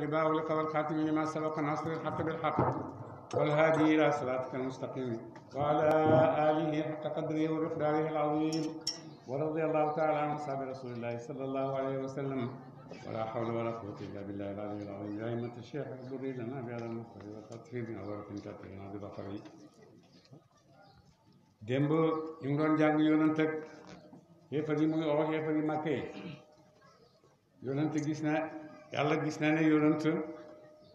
ربا ولك والخاتم لما سبق ناصر الحق بالحق والهادي الى صراطك المستقيم وعلى اله حق قدره ومقداره العظيم ورضي الله تعالى عن اصحاب رسول الله صلى الله عليه وسلم ولا حول ولا قوه الا بالله العلي العظيم يا ائمه الشيخ احضري لنا بهذا المقتضي والتطهير من عذره تاتينا ببصري démb ñu ngi doon jàng yonent ak xéefar yi muy oo xéefar yi màkkee yonent gis na yàlla gis na ne yonent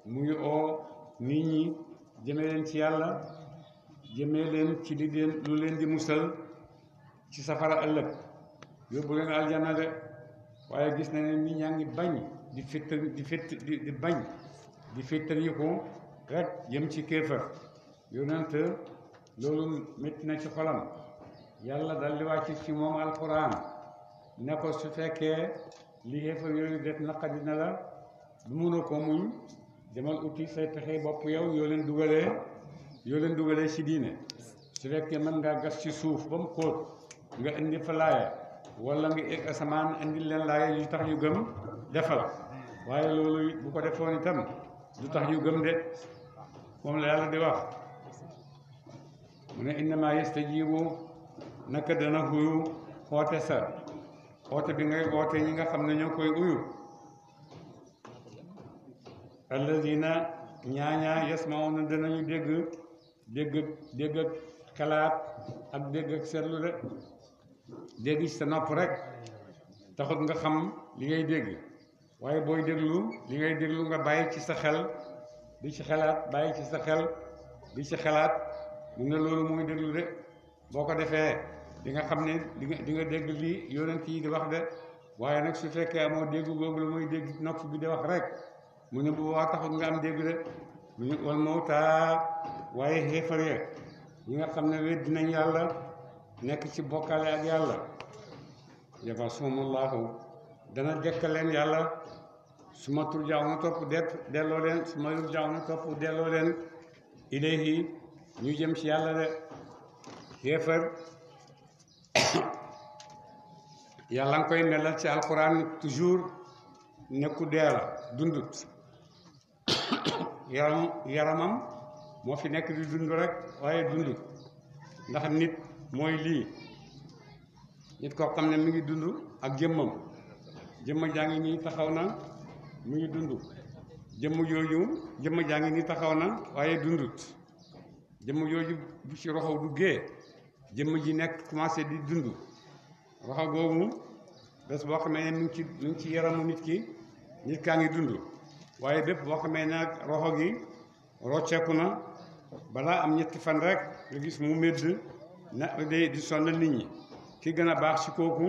mu oo nit ñi jëmee leen ci yàlla jëmee leen ci li leen lu leen di musal ci safara ëllëg yóbbu leen aljana de waaye gis na ne nit ñaa ngi bañ di fittal di fitt di bañ di fittal yi ko ci kéefër yonent loolu métti na ci xolam yàlla dal di wàcc ci moom alquran ne ko su fekkee li kéefër yooyu def naqadi na la lu mënoo ko muñ demal uti say pexe bopp yow yoo leen dugalee yoo leen dugalee ci diine su rekkee mën ngaa gas ci suuf ba mu xóot nga indi fa laaya wala nga egg asamaan indi leen laaya yu tax yu gëm defal waaye loolu bu ko defoon itam du tax yu gëm de moom la yàlla di wax mu ne innama yastajibu naka dana huyu xoote sa xoote bi ngay woote ñi nga xam ne ñoo koy uyu alladina ñaañaa yasmauna danañu dégg dégg dégg ak xalaat ak dégg ak seetlu rek dégg ci sa nopp rekk taxut nga xam li ngay dégg waaye booy déglu li ngay déglu nga bàyyi ci sa xel di ci xalaat bàyyi ci sa xel di ci xalaat mu ne loolu muy déglu de boo ko defee di nga xam ne di nga di nga dégg li yonent yi di wax de waaye nag su fekkee amoo dégg googu la muy dégg nopp bi di wax rek mu ne bu waa taxut nga am dégg de mu ne wal waaye xéefar ya ñi nga xam ne wedd dinañ yàlla nekk ci bokkale ak yàlla yabasumullahu dana dekkal leen yàlla su ma turjaaw na topp det delloo leen su ma yurjaaw topp delloo leen ilayhi ñu jëm ci yàlla de xéefar yàlla nga koy melal ci alxuraan toujours ne ku dee dundut yaram yaramam moo fi nekk di dund rek waaye dund ndax nit mooy lii nit koo xam ne mu ngi dund ak jëmmam jëmm jaa ngi nii taxaw na mu ngi dund jëmm jooju jëmm jaa ngi taxaw na waaye dundut jëmm jooju bu ci roxaw duggee jëmm ji nekk commencé di dund roxaw googu bés boo xamee ne mi ngi ci ci yaramu nit ki nit kaa ngi dund waaye bépp boo xamee nag roxo gi rocceeku na balaa am ñetti fan rekk nga gis mu médd na day di sonnal nit ñi ki gën a baax ci kooku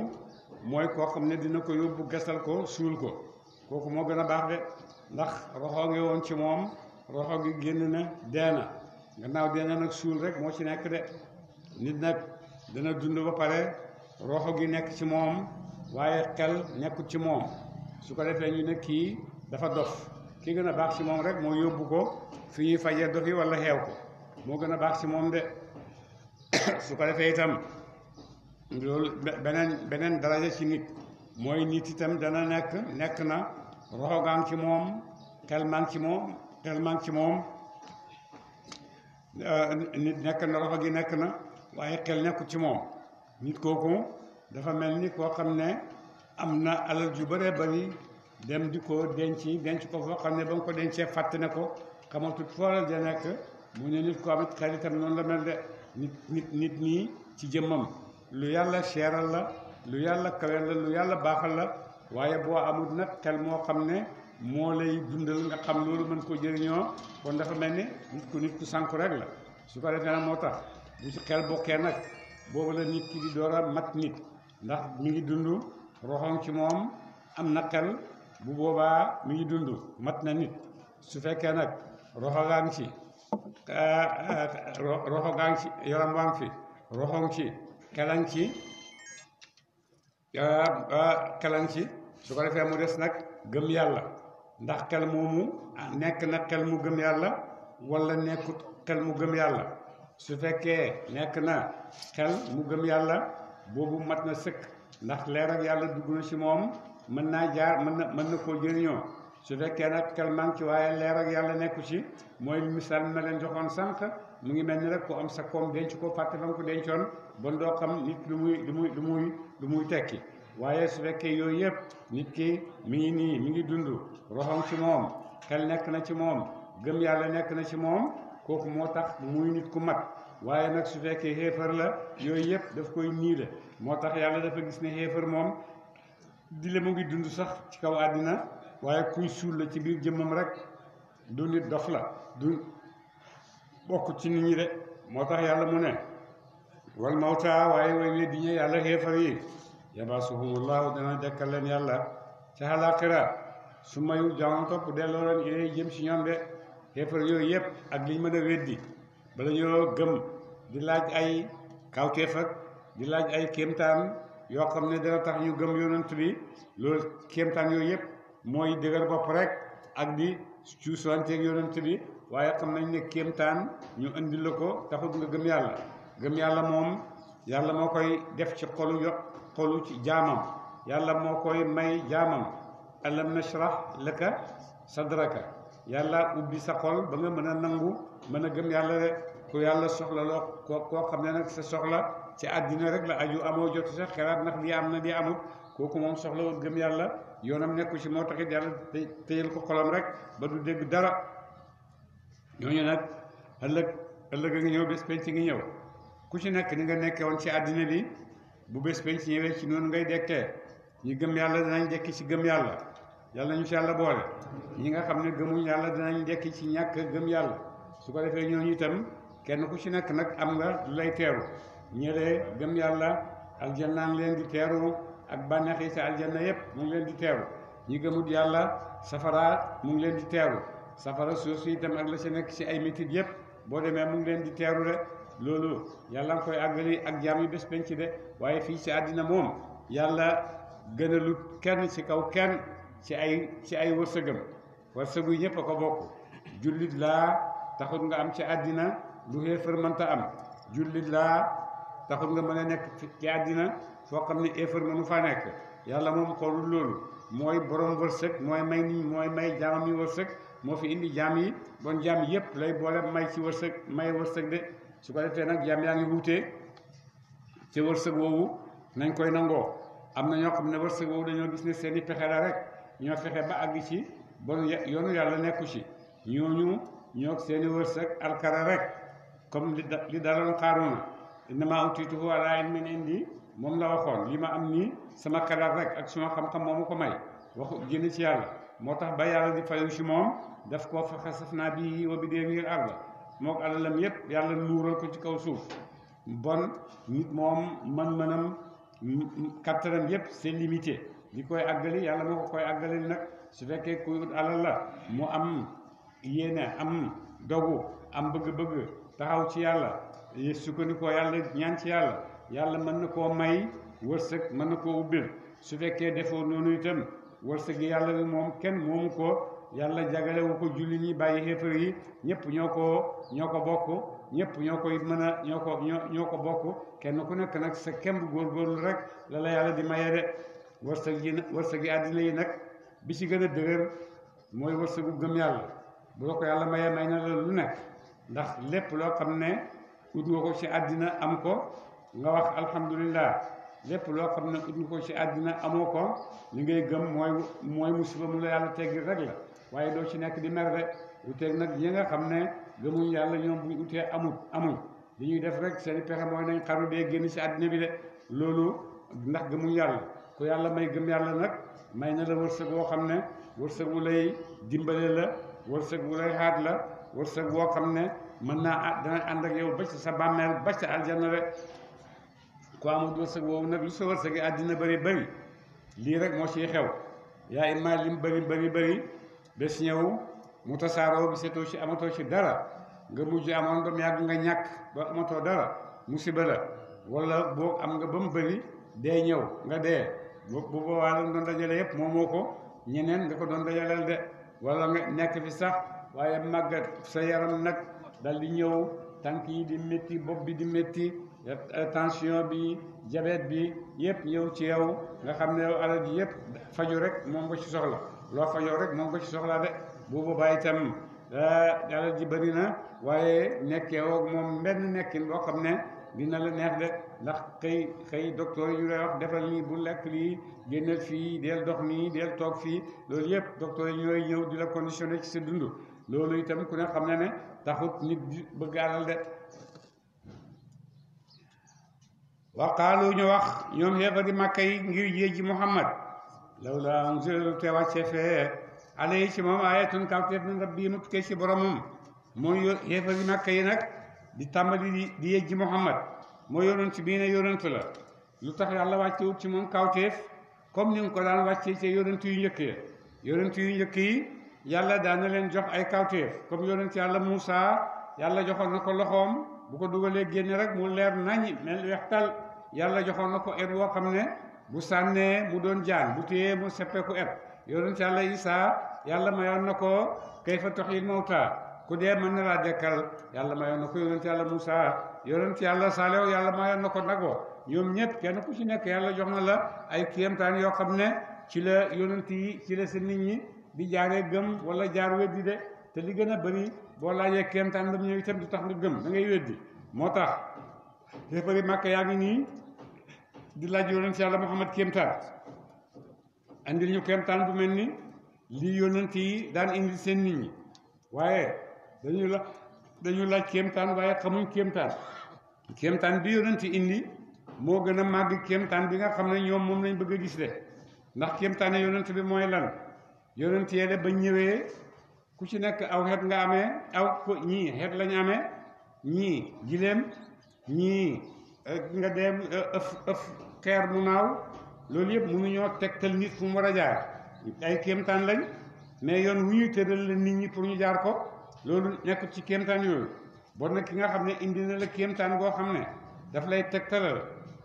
mooy koo xam ne dina ko yóbbu gasal ko suul ko kooku moo gën a baax de ndax roxo ngi woon ci moom roxo gi génn na dee na gannaaw dee na nag suul rek moo ci nekk de nit nag dana dund ba pare roxo gi nekk ci moom waaye xel nekkut ci moom su ko defee ñu ne kii dafa dof ki gën a baax si moom rek moo yóbbu ko fi ñuy fajee dof yi wala xeew ko moo gën a baax si moom de su ko defee itam loolu beneen beneen daraja ci nit mooy nit itam dana nekk nekk na roxo gaa ngi ci moom xel maa ci moom euh, nit nekk na roxo gi na waaye xel nekku ci moom nit kooku dafa mel ni koo xam ne am na alal ju bare bari dem di ko denc denc ko foo xam ne ba nga ko dencee fàtte na ko xamatut fooral da nekk mu ne nit ko amit xaritam noonu la mel de nit nit nit nii ci jëmmam lu yàlla seeral la lu yàlla kawel la lu yàlla baaxal la waaye boo amul nag xel moo xam ne moo lay dundal nga xam loolu mën koo jëriñoo kon dafa mel ni nit ku nit ku sànku rek la su ko defee nag moo tax bu ci xel bokkee nag boobu la nit ki di door mat nit ndax mi ngi dund roxoon ci moom am na bu boobaa mu ngi dund mat na nit su fekkee nag roxo ci ngi fi roxo gaa ngi fi yaram waa ngi fi roxo ci xelan ci su ko defee mu des nag gëm yàlla ndax xel moomu nekk na xel mu gëm yàlla wala nekkut xel mu gëm yàlla su fekkee nekk na xel mu gëm yàlla boobu mat na sëkk ndax leer ak yàlla dugg na ci moom mën naa jaar mën na mën na koo jëriñoo su fekkee nag xel manque waaye leer ak yàlla nekku ci mooy misaal ma leen joxoon sànq mu ngi mel ni rek ku am sa koom denc ko fàtte fa nga ko dencoon bon doo xam nit lu muy muy lu lu muy tekki waaye su fekkee yooyu yëpp nit ki mi ngi nii mi ngi dund roxam ci moom xel nekk na ci moom gëm yàlla nekk na ci moom kooku moo tax muy nit ku mag waaye nag su fekkee xéefar la yooyu yëpp daf koy niile moo tax yàlla dafa gis ne xéefar moom di le mu ngi dund sax ci kaw àddina waaye kuy suul la ci biir jëmmam rek du nit dof la du bokk ci nit ñi de moo tax yàlla mu ne wal mawta waaye way we di yàlla xeefar yi yabaasuhumullahu dana dekkal leen yàlla ca àllaaxira su mayu jaamu topp delloo leen ilay jëm si ñoom de xeefar yooyu yëpp ak liñ mën a weddi bala ñoo gëm di laaj ay kawteef ak di laaj ay kéemtaan yoo xam ne dana tax ñu gëm yonent bi loolu kéemtaan yooyu yëpp mooy dëgër bopp rek ak di cuusanteeg yonent bi waaye xam nañ ne kéemtaan ñu indi la ko taxut nga gëm yàlla gëm yàlla moom yàlla moo koy def ci xolu yo xolu ci jaamam yàlla moo koy may jaamam alam nashrah laka sadraka yàlla ubbi sa xol ba nga mën a nangu mën a gëm yàlla rek yàlla soxla loo koo koo xam ne nag sa soxla ci àddina rek la aju amoo jot sax xalaat ndax lii am na lii amut kooku moom soxlawul gëm yàlla yoonam nekku ci moo taxit yàlla téyel ko xolam rek ba du dégg dara ñooñu nag ëllëg ëllëg a ngi ñëw bés ci ngi ñëw ku ci nekk ni nga nekke woon ci àddina bi bu bés penc ñëwee ci noonu ngay dekkee ñi gëm yàlla danañ dekki ci gëm yàlla yàlla ñu ci yàlla boole ñi nga xam ne gëmuñ yàlla danañ dekki ci ñàkk gëm yàlla su ko defee ñooñu itam kenn ku ci nekk nag am nga lay teeru ñëlee gëm yàlla aljannaan leen di teeru ak bànneexi si aljanna yépp mu ngi leen di teeru ñi gëmut yàlla safara mu ngi leen di teeru safara suuf si itam ak la si nekk si ay métit yépp boo demee mu ngi leen di teeru de loolu yàlla nga koy àggali ak jaam yi bés penc de waaye fii si àddina moom yàlla gënalu kenn ci kaw kenn ci ay ci ay wërsëgam wërsëgu ñëpp a ko bokk jullit laa taxut nga am ci àddina lu xéefar mënta am jullit laa taxul nga mën a nekk ci àddina foo xam ne effort nu faa nekk yàlla moom xoolul loolu mooy borom wërsëg mooy may nii mooy may jaamam yi wërsëg moo fi indi jaam yi bon jaam yëpp lay boole may ci wërsëg may wërsëg de su ko defee nag jaam yaa ngi wuutee ci wërsëg woowu nañ koy nangoo am na ñoo xam ne wërsëg woowu dañoo gis ne seeni pexe la rek ñoo fexe ba àgg ci bon yoonu yàlla nekku ci ñooñu ñoo seeni wërsëg alkara rek comme li da li daloon xaaroona innama utituhu ala ilmin indi moom la waxoon li ma am nii sama xelal rek ak suma xam-xam moomu ko may waxu génn ci yàlla moo tax ba yàlla di fayu ci moom daf koo fa xasaf naa bii wa bi dee ngir arda mook alalam yépp yàlla nuural ko ci kaw suuf bon nit moom man-manam kattanam yépp c'est limité li koy àggali yàlla moo ko koy àggali nag su fekkee kuy ut alal la mu am yéene am dogu am bëgg-bëgg taxaw ci yàlla su ko ni koo yàlla ñaan ci yàlla yàlla mën na koo may wërsëg mën na koo ubbil su fekkee defoo noonu itam wërsëg yàlla bi moom kenn moomu ko yàlla jagalewu ko julli ñi bàyyi xéefar yi ñëpp ñoo ko ñoo ko bokk ñëpp ñoo koy mën a ñoo ko ñoo ko bokk kenn ku nekk nag sa kemb góorgóorlu rek la la yàlla di maye de wërsëg yi wërsëg yi àddina yi nag bi ci gën a dëgër mooy wërsëgu gëm yàlla bu la ko yàlla mayee may na la lu nekk ndax lépp loo xam ne ut nga ko ci àddina am ko nga wax alhamdulillah lépp loo xam ne ut nga ko ci àddina amoo ko li ngay gëm mooy mooy musiba mu la yàlla teggil rek la waaye doo ci nekk di mer de uteeg nag yi nga xam ne gëmuñ yàlla ñoom buñ utee amut amuñ li ñuy def rek seen pexe mooy nañ xaru dee génn ci àddina bi de loolu ndax gëmuñ yàlla ku yàlla may gëm yàlla nag may na la wërsëg woo xam ne wërsëg wu lay dimbale la wërsëg wu lay xaat la wërsëg woo xam ne mën naa dana ànd ak yow ba ci sa bàmmeel ba ci aljanna rek ku amul wërsëg woowu nag lu sa wërsëgi àddina bëri bëri lii rek moo ciy xew yaa imma lim bëri bëri bëri bés ñëw mu tasaaroo bi setoo ci amatoo ci dara nga mujj amoon ba mu yàgg nga ñàkk ba amatoo dara musiba la wala boo am nga ba mu bëri dee ñëw nga dee bu boobaa la doon dajale yëpp moom moo ko ñeneen nga ko doon dajaleel de wala nga nekk fi sax waaye màggat sa yaram nag dal ñëw tànk yi di métti bopp bi di métti eh, tension bi diabète bi yépp ñëw ci yow nga xam ne alal ji yépp faju rek moom ko ci soxla loo fajoo rek moom nga ci soxlaa de bu boobaa itam eh, alal ji bëri na waaye nekkee woog moom mbenn nekkin loo xam ne dina la neex de ndax xëy xëy docteur yi ñu lay wax defal nii bu lekk lii génnal fii deel dox nii deel toog fii loolu yépp docteur yi ñooy ñëw di la conditionné ci sa dund loolu itam ku ne xam ne ne taxut nit bëgg alal de waqaalu ñu wax ñoom xeefari màkka yi ngir jéej ji muhammad lawla unzila te wàcce fee alay ci moom ayatun kawteef min rabbi mu tukkee ci boromam mooy yo xeefari màkka yi nag di tàmbali di yéej ji muhammad moo yonent bii ne yonent la lu tax yàlla wàccewut ci moom kawteef comme ni nga ko daan wàccee ci yonent yu njëkk ya yonent yu njëkk yi yàlla daana leen jox ay kawtéef comme yonent yàlla Moussa yàlla joxoon na ko loxoom bu ko dugalee génne rek mu leer nañ mel weex tal yàlla joxoon na ko et woo xam ne bu sànnee mu doon jaan bu téyee mu seppeeku et yonent yàlla Isaa yàlla mayoon na ko kayfa tuhyil mawtaa ku dee mën na laa dekkal yàlla mayoon na ko yonent yàlla Moussa yonent yàlla Saalew yàlla mayoon na ko nagoo ñoom ñëpp kenn ku ci nekk yàlla jox na la ay kéemtaan yoo xam ne ci la yonent yi bi jaaree gëm wala jaar weddi de te li gën a bëri boo laajee kéemtaan la ñëw itam du tax nga gëm da ngay moo tax yëfari màkk yaa ngi nii di laaj yonent yàlla Muhammad kéemtaan andil ñu kéemtaan bu mel ni lii yonent yi daan indi seen nit ñi waaye dañu la dañu laaj kéemtaan waaye xamuñ kéemtaan kéemtaan bi yonent indi moo gën a màgg kéemtaan bi nga xam ne ñoom moom lañ bëgg a gis de ndax kéemtaan yonent bi mooy lan yonent yee de ba ñëwee ku ci nekk aw xeet nga amee aw ko ñii xeet lañ ame ñii jileem ñii eh, nga dem eh, ëf ëf xeer mu naaw loolu yëpp mënuñoo tegtal nit fu mu war a jaar ay kéemtaan lañ mais yoon wu ñuy tëral la nit ñi pour ñu jaar ko loolu nekk ci kéemtaan yooyu bon nag ki nga xam ne indi na la kéemtaan goo xam ne daf lay tegtalal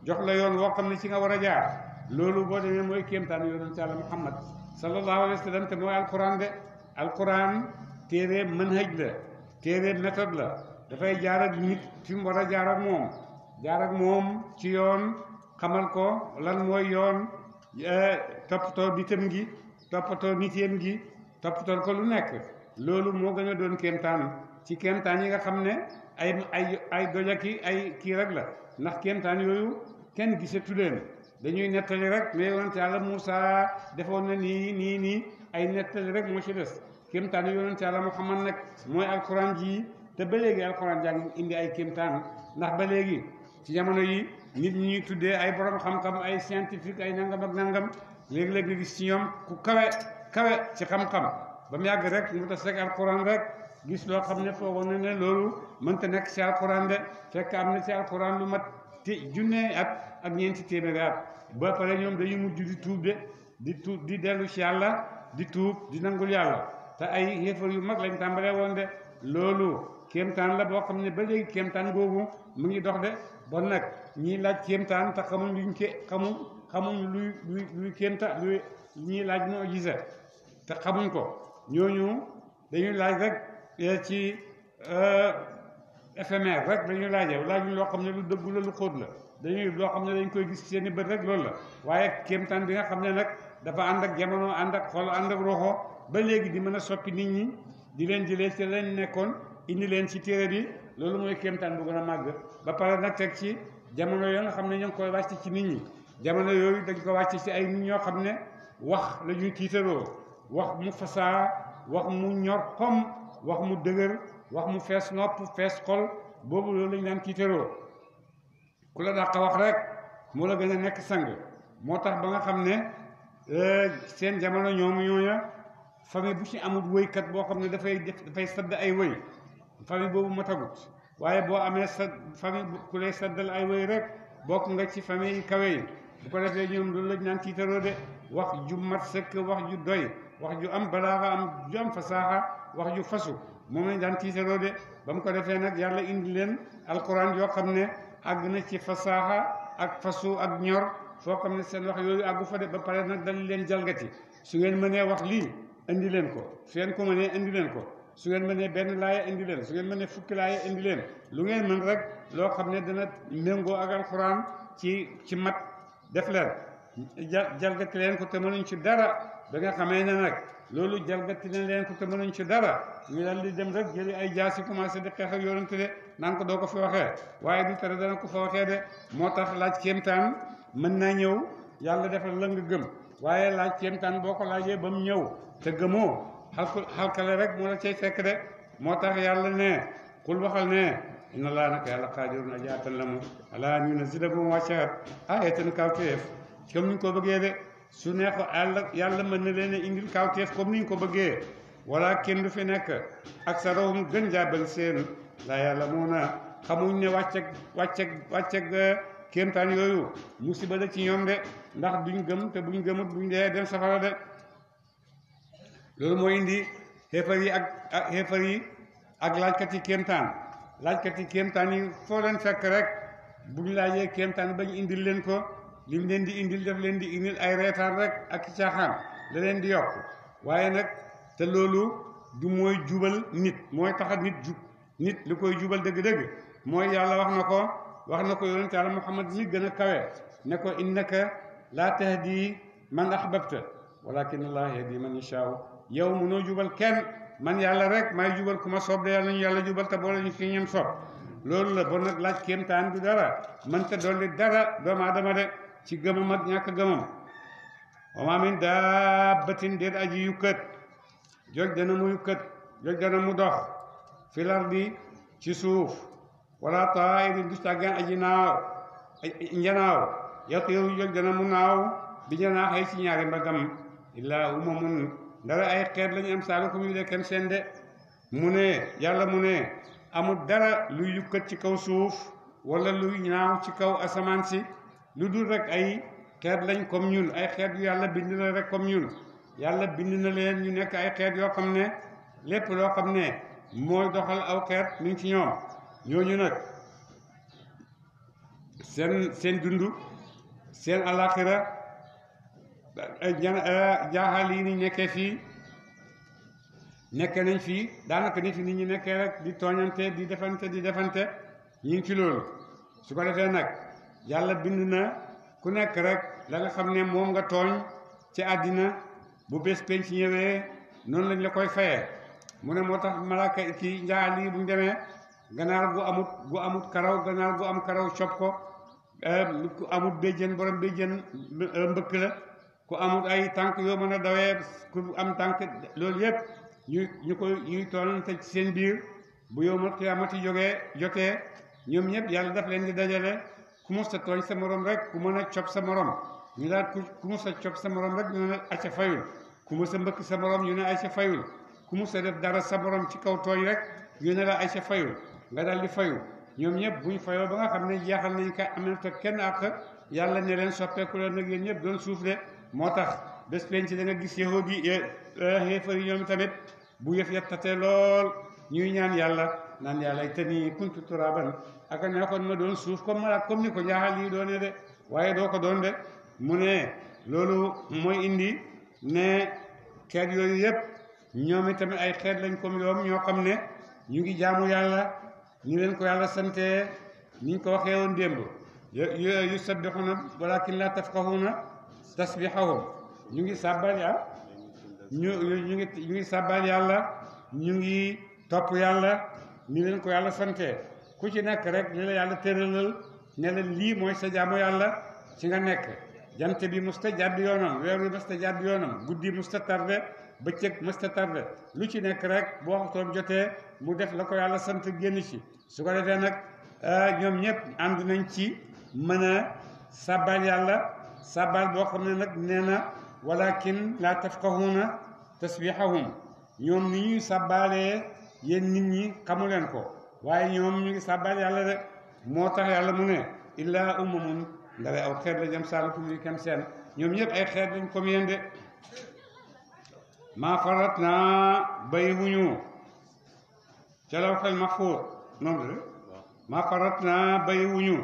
jox la yoon woo xam ne ci nga war a jaar loolu boo demee mooy yooyu kéemtaan yoonu Yàlla Muhammad sallallahu alayhi wa sallam te de alquran téere manhaj la téere méthode la dafay jaarak ak nit fi mu a jaar moom jaar moom ci yoon xamal ko lan mooy yoon eh, toppatoo nitam gi toppatoo niteem gi toppatoo ko lu nekk loolu moo gën a doon kéemtaan ci kéemtaan yi nga xam ne ay ay ay dojaki ay kii rek la ndax kéemtaan yooyu kenn gisatu leen dañuy nettali rek ne yonent yàlla Moussa defoon na nii nii nii ay nettali rek moo ci des kéemtaan yonent yàlla Muhammad nekk mooy alxuraan ji te ba léegi alxuraan mu indi ay kéemtaan ndax ba léegi ci jamono yi nit ñu tuddee ay borom xam-xam ay scientifique ay nangam ak nangam léegi-léeg nga gis ci ñoom ku kawe kawe ci xam-xam ba mu yàgg rek mu tas rek alxuraan rek gis loo xam ne foogoon na ne loolu mënta nekk ci alxuraan de fekk am na ci alxuraan lu mat te junne at ak ñeenti téeméeri at ba pare ñoom dañu mujj di tuub de di tuub di dellu ci yàlla di tuub di nangul yàlla te ay yéefar yu mag lañ tàmbalee woon de loolu kéemtaan la boo xam ne ba léegi kéemtaan googu mu ngi dox de bon nag ñii laaj kéemtaan te xamuñ luñ ke xamuñ xamuñ luy luy luy kéemtaan luy ñii laaj moo gise te xamuñ ko ñooñu dañuy laaj rek eh, ci euh, éphémère rek dañuy laaje laajuñ loo xam ne lu dëggu la lu xóot la dañuy loo xam ne dañ koy gis seeni bët rek loolu la waaye kéemtaan bi nga xam ne nag dafa ànd ak jamono ànd ak xol ànd ak roxo ba léegi di mën a soppi nit ñi di leen jëlee ci leen nekkoon indi leen ci téere bi loolu mooy kéemtaan bu gën a màgg ba pare nag teg ci jamono yoo nga xam ne ngi koy wàcc ci nit ñi jamono yooyu dañ ko wàcc ci ay nit ñoo xam ne wax la ñuy tiitaroo wax mu fasaa wax mu ñor xom wax mu dëgër wax mu fees nopp fees xol boobu loolu lañ daan tiitaroo ku la dàq wax rek moo la gën a nekk sang moo tax ba nga xam ne euh, seen jamono ñoom ñooña famille bu ci amul wëykat boo xam ne dafay dafay sadd ay wëy famille boobu matagut waaye boo amee sa famille ku lay saddal ay wëy rek bokk nga ci famille yi kawe yi bu ko defee ñoom loolu lañ naan tiitaroo de wax ju mat sëkk wax ju doy wax ju am balaaxa am ju am fasaaxa wax ju fasu moom lañ daan tiitaroo de ba mu ko defee nag yàlla indi leen alquran yoo xam ne àgg na ci fasaaxa ak fasu ak ñor foo xam ne seen wax yooyu àggu fa de ba pare nag dañ leen jalgati su ngeen mënee wax lii indi leen ko su ngeen ko mënee indi leen ko su ngeen mënee benn laaya indi leen su ngeen mënee fukki laaya indi leen lu ngeen mën rek loo xam ne dana méngoo ak alxuraan ci ci mat def leen jalgati leen ko te mënuñ ci dara danga nga xamee ne nag loolu jalgati na leen te mënuñ ci dara ñu dal di dem rek jëli ay jaas yi commencé di xeex ak yoonante de naan ko doo ko fi waxee waaye du tere dana ko fa waxee de moo tax laaj kéemtaan mën naa ñëw yàlla defal la nga gëm waaye laaj kéemtaan boo ko laajee ba mu ñëw te gëmoo xal xalkale rek mu la cay fekk de moo tax yàlla ne xul waxal ne inna laa naka yàlla xaadirun aji attan la mu ala ñu ne si dagum wàccaat ayatan kawteef comme ni ñu ko bëggee de su neexoon yàlla yàlla mën na leen a indil kawteef comme ñu ko bëggee wala kenn du fi nekk ak sa rawum gën jaabal seen la yàlla moo na xamuñ ne wàcceg wàcceg wàcceg kéemtaan yooyu musiba la ci ñoom de ndax duñ gëm te buñ gëmut buñ dee dem safara de loolu moo indi xeefar yi ak ak yi ak laajkat yi kéemtaan laajkat yi kéemtaan yi foo leen fekk rek buñ laajee kéemtaan bañ indil leen ko lim leen di indil daf leen di indil ay reetaan rek ak caaxaan da leen di yokk waaye nag te loolu du mooy jubal nit mooy taxa nit jub nit li koy jubal dëgg-dëgg mooy yàlla wax na ko wax na ko yonent yàlla muhammad li gën a kawe ne ko innaka laa tahdi man ahbabta walakin allah yahdi man yashaa yow mënoo jubal kenn man yàlla rek may jubal ku ma soob de yàlla ñu yàlla jubal te boole ñu fii ñem soob loolu la bon nag laaj kéemtaan du dara mënta dolli dara doomu aadama de ci gëmam ak ñàkk gëmam wa maa min daabatin déet aji yukkat joj dana mu yukkat joj dana mu dox fil ci suuf wala taa'irin du tàggan aji naaw njanaaw yatiiru joj dana mu naaw bi janaaxay ci ñaari mbagam illaa umamun dara ay lañu am saalukum yu lekkem seen de mu ne yàlla mu ne amul dara luy yukkat ci kaw suuf wala luy ñaaw ci kaw asamaan si lu dul rek ay xeet lañ comme ñun ay xeet yu yàlla bind na rek comme ñun yàlla bind na leen ñu nekk ay xeet yoo xam ne lépp loo xam ne mooy doxal aw xeet mi ci ñoom ñooñu nag seen seen dund seen alaxira jaaxal yi ni nekkee fii nekkee nañ fii daanaka nit nit ñi nekkee rek di tooñante di defante di defante ñu ngi ci loolu su ko defee nag yàlla bind na ku nekk rek la nga xam ne moom nga tooñ ci àddina bu bés penc ñëwee noonu lañ la koy fayee mu ne moo tax malaaka ki njaal yi buñ demee ganaar gu amut gu amut karaw ganaar gu am karaw cop ko eh, ku amut béjjën borom jën eh, mbëkk la ku amut ay tànk yoo mën a dawee ku am tànk loolu yépp ñu ñu koy ñuy toolante ci seen biir bu yow ma xiyaamati jógee jotee ñoom ñëpp yàlla daf leen di dajale ku mos a tooñ sa morom rek ku mën a cob sa morom ñu daan ku mos a cob sa morom rek ñu ne acca fayul ku mos a mbëkk sa morom ñu ne acca fayul ku mos a def dara sa morom ci kaw tooñ rek ñu ne la sa fayul nga daal di fayu ñoom ñëpp buñ fayoo ba nga xam ne jeexal nañ ka am na te kenn àq yàlla ne leen soppeeku leen nag yéen ñëpp doon suuf de moo tax bés leen ci da nga gis yahudi eh, xéefar yi ñoom tamit bu yëf yattatee lool ñuy ñaan yàlla naan yàlla te nii kuntu turaban aka neexoon ma doon suuf comme malak comme ni ko njaaxal yi de waaye doo ko doon de mu ne loolu mooy indi ne xeet yooyu yëpp ñoom tamit ay xeet lañ comme yoom ñoo xam ne ñu ngi jaamu yàlla ñu leen ko yàlla sante niñ ko waxee woon démb yu sabbihuna walakin la tafqahuna tasbihahum ñu ngi sàbbal yàlla ñu ñu ngi ñu ngi sàbbal yàlla ñu ngi topp yàlla ni leen ko yàlla sante ku ci nekk rek li la yàlla tëralal ne lii mooy sa jaamu yàlla ci nga nekk jant bi musta jàdd yoonam weer wi musta jàdd yoonam guddi musta tarde bëccëg musta tarde lu ci nekk rek bu waxtoom jotee mu def la ko yàlla sant génn ci su ko defee nag euh, ñoom ñëpp ànd nañ ci mën a sàbbal yàlla sàbbal boo xam ne nag nee na walakin laa tafqahuuna tasbihahum ñoom ni ñuy sàbbaalee yéen nit ñi xamu ko waaye ñoom ñu ngi sàbbaal yàlla de moo tax yàlla mu ne illaa umamun ndare aw xeet la jëm saalukum yi kem seen ñoom ñëpp ay xeet lañ kom yéen de maa farat naa bay wuñu ca lawxel mahfuus noonu de maa farat naa bay wuñu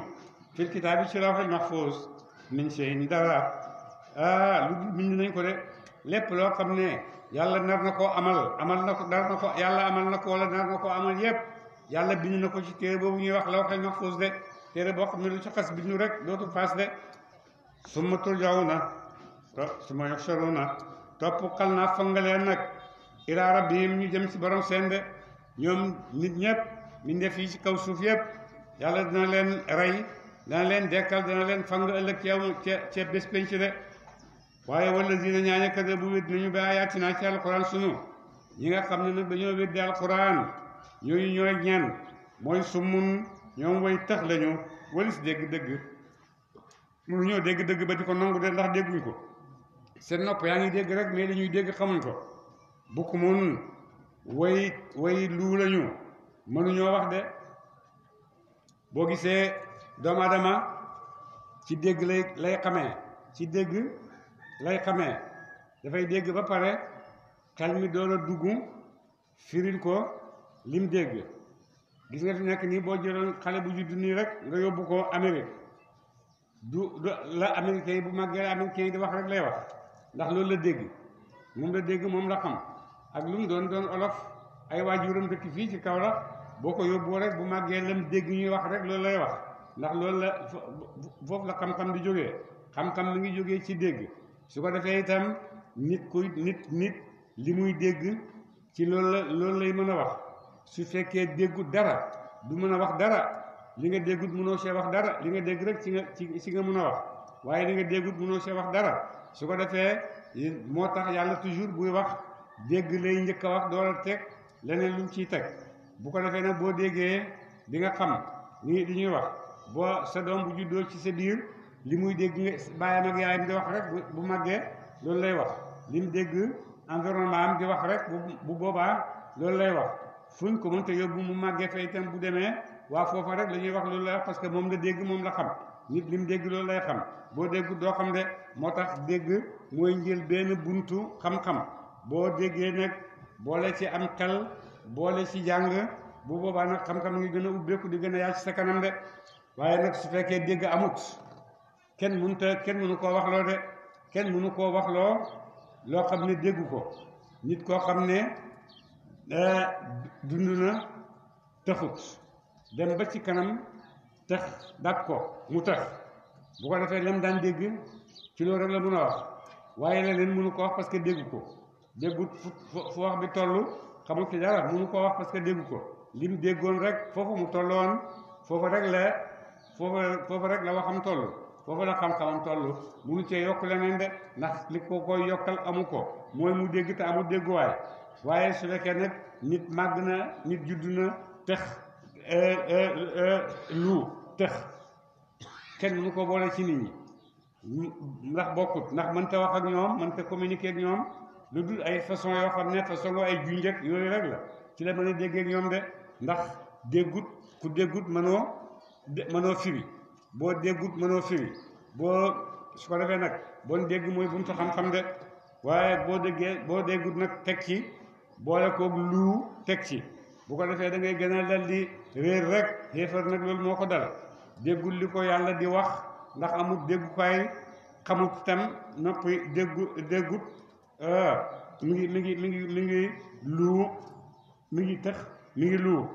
fil kitaabi ci lawxel mahfuus min shay'in dara ah, lu bind nañ ko de lépp loo xam ne yàlla nar na koo amal amal na ko nar na ko yàlla amal na ko wala nar na koo amal yépp yàlla bind na ko ci téere boobu ñuy wax la lawhul mahfuus de téere boo xam ne lu ci xas bindu rek dootu faas de summa turja'uuna summa yuhsharuuna topp xal naa fangaleen nag ilaa rabbihim ñu jëm ci borom seen de ñoom nit ñëpp mbindeef yi ci kaw suuf yëpp yàlla dina leen rey dina leen dekkal dina leen fang ëllëg ci ca ca bés penc de waaye wala dina ñaaña kaza bu wét nañu ba ayaatinaa ci alquran sunu ñi nga xam ne nag dañoo weddi alquran ñooñu ñooy ñan mooy summun ñoom way tax lañu walis dégg-dégg mënu dégg-dégg ba di ko nangu de ndax dégguñ ko seen nopp yaa ngi dégg rek mais li ñuy dégg xamuñ ko bukk mun way way luu lañu mënuñoo wax de boo gisee doomu aadama ci dégg lay lay xamee ci dégg lay xamee dafay dégg ba pare xel mi doon a dugg firil ko lim dégg gis nga fi nekk nii boo jëloon xale bu judd nii rek nga yóbbu ko Amérique du la américain yi bu màggee la américain yi di wax rek lay wax ndax loolu la dégg moom la dégg moom la xam ak lu doon doon olof ay waajuram dëkk fii ci kaw la boo ko yóbboo rek bu màggee lam dégg ñuy wax rek loolu lay wax ndax loolu la foofu la xam-xam di jógee xam-xam mi ngi jógee ci dégg su ko defee itam nit ku nit nit li muy dégg ci loolu loolu lay mën a wax su fekkee déggut dara du mën a wax dara li nga déggut mënoo see wax dara li nga dégg rek ci nga ci ci nga mën a wax waaye li nga déggut mënoo see wax dara su ko defee moo tax yàlla toujours buy wax dégg lay njëkk a wax doola teg leneen lu mu ciy teg bu ko defee nag boo déggee di nga xam li ñuy wax boo sa doom bu juddoo ci sa biir li muy dégg baayam ak yaayam di wax rek bu màggee loolu lay wax li dégg environnement am di wax rek bu boobaa loolu lay wax fuñ ko mënta yóbbu mu màggee fa itam bu demee waa foofa rek la ñuy wax loolu lay wax parce que moom la dégg moom la xam nit li dégg loolu lay xam boo dégg doo xam de moo tax dégg mooy njël benn buntu xam-xam boo déggee nag boole ci am xel boole ci jàng bu boobaa nag xam-xam ngi gën a ubbeeku di gën a yaa ci sa kanam waaye nag su fekkee dégg amut kenn mënuta kenn mënu koo waxloo de kenn mënu koo wax loo loo xam ne déggu ko nit koo xam ne eh, dund na taxut dem ba ci kanam tax dab ko mu tax bu ko defee lam daan dégg ci loolu rek la mën a wax waaye leen mënu koo wax parce que déggu ko déggut fu wax bi toll xamul ci dara mënu koo wax parce que déggu ko lim déggoon rek foofu mu tolloon foofu rek la foofu foofu rek la waxam toll foofu la xam-xamam toll munu cee yokk leneen de ndax li ko koy yokkal amu ko mooy mu dégg te amul dégguwaay waaye su fekkee nag nit màgg na nit judd na tex e, e, e, lu tex kenn mu ko boole ci nit ñi ndax bokkut ndax mënta wax ak ñoom mënta communiquer ak ñoom lu dul ay façon yoo xam ne façon ay junj ak yooyu rek la ci la mën a déggee ñoom de ndax déggut ku déggut mënoo mënoo firi boo déggut mënoo firi boo su ko defee nag bon dégg mooy buntu xam-xam de waaye boo déggee boo déggut nag teg ci boo boole koog luu teg ci bu ko defee da ngay gën a dal di réer rek xéefar nag loolu moo ko dal déggul li ko yàlla di wax ndax amul déggukaay xamut tam noppi déggu déggut ah, mi ngi mi ngi mi ngi mi ngi luu mi ngi tëx mi ngi luu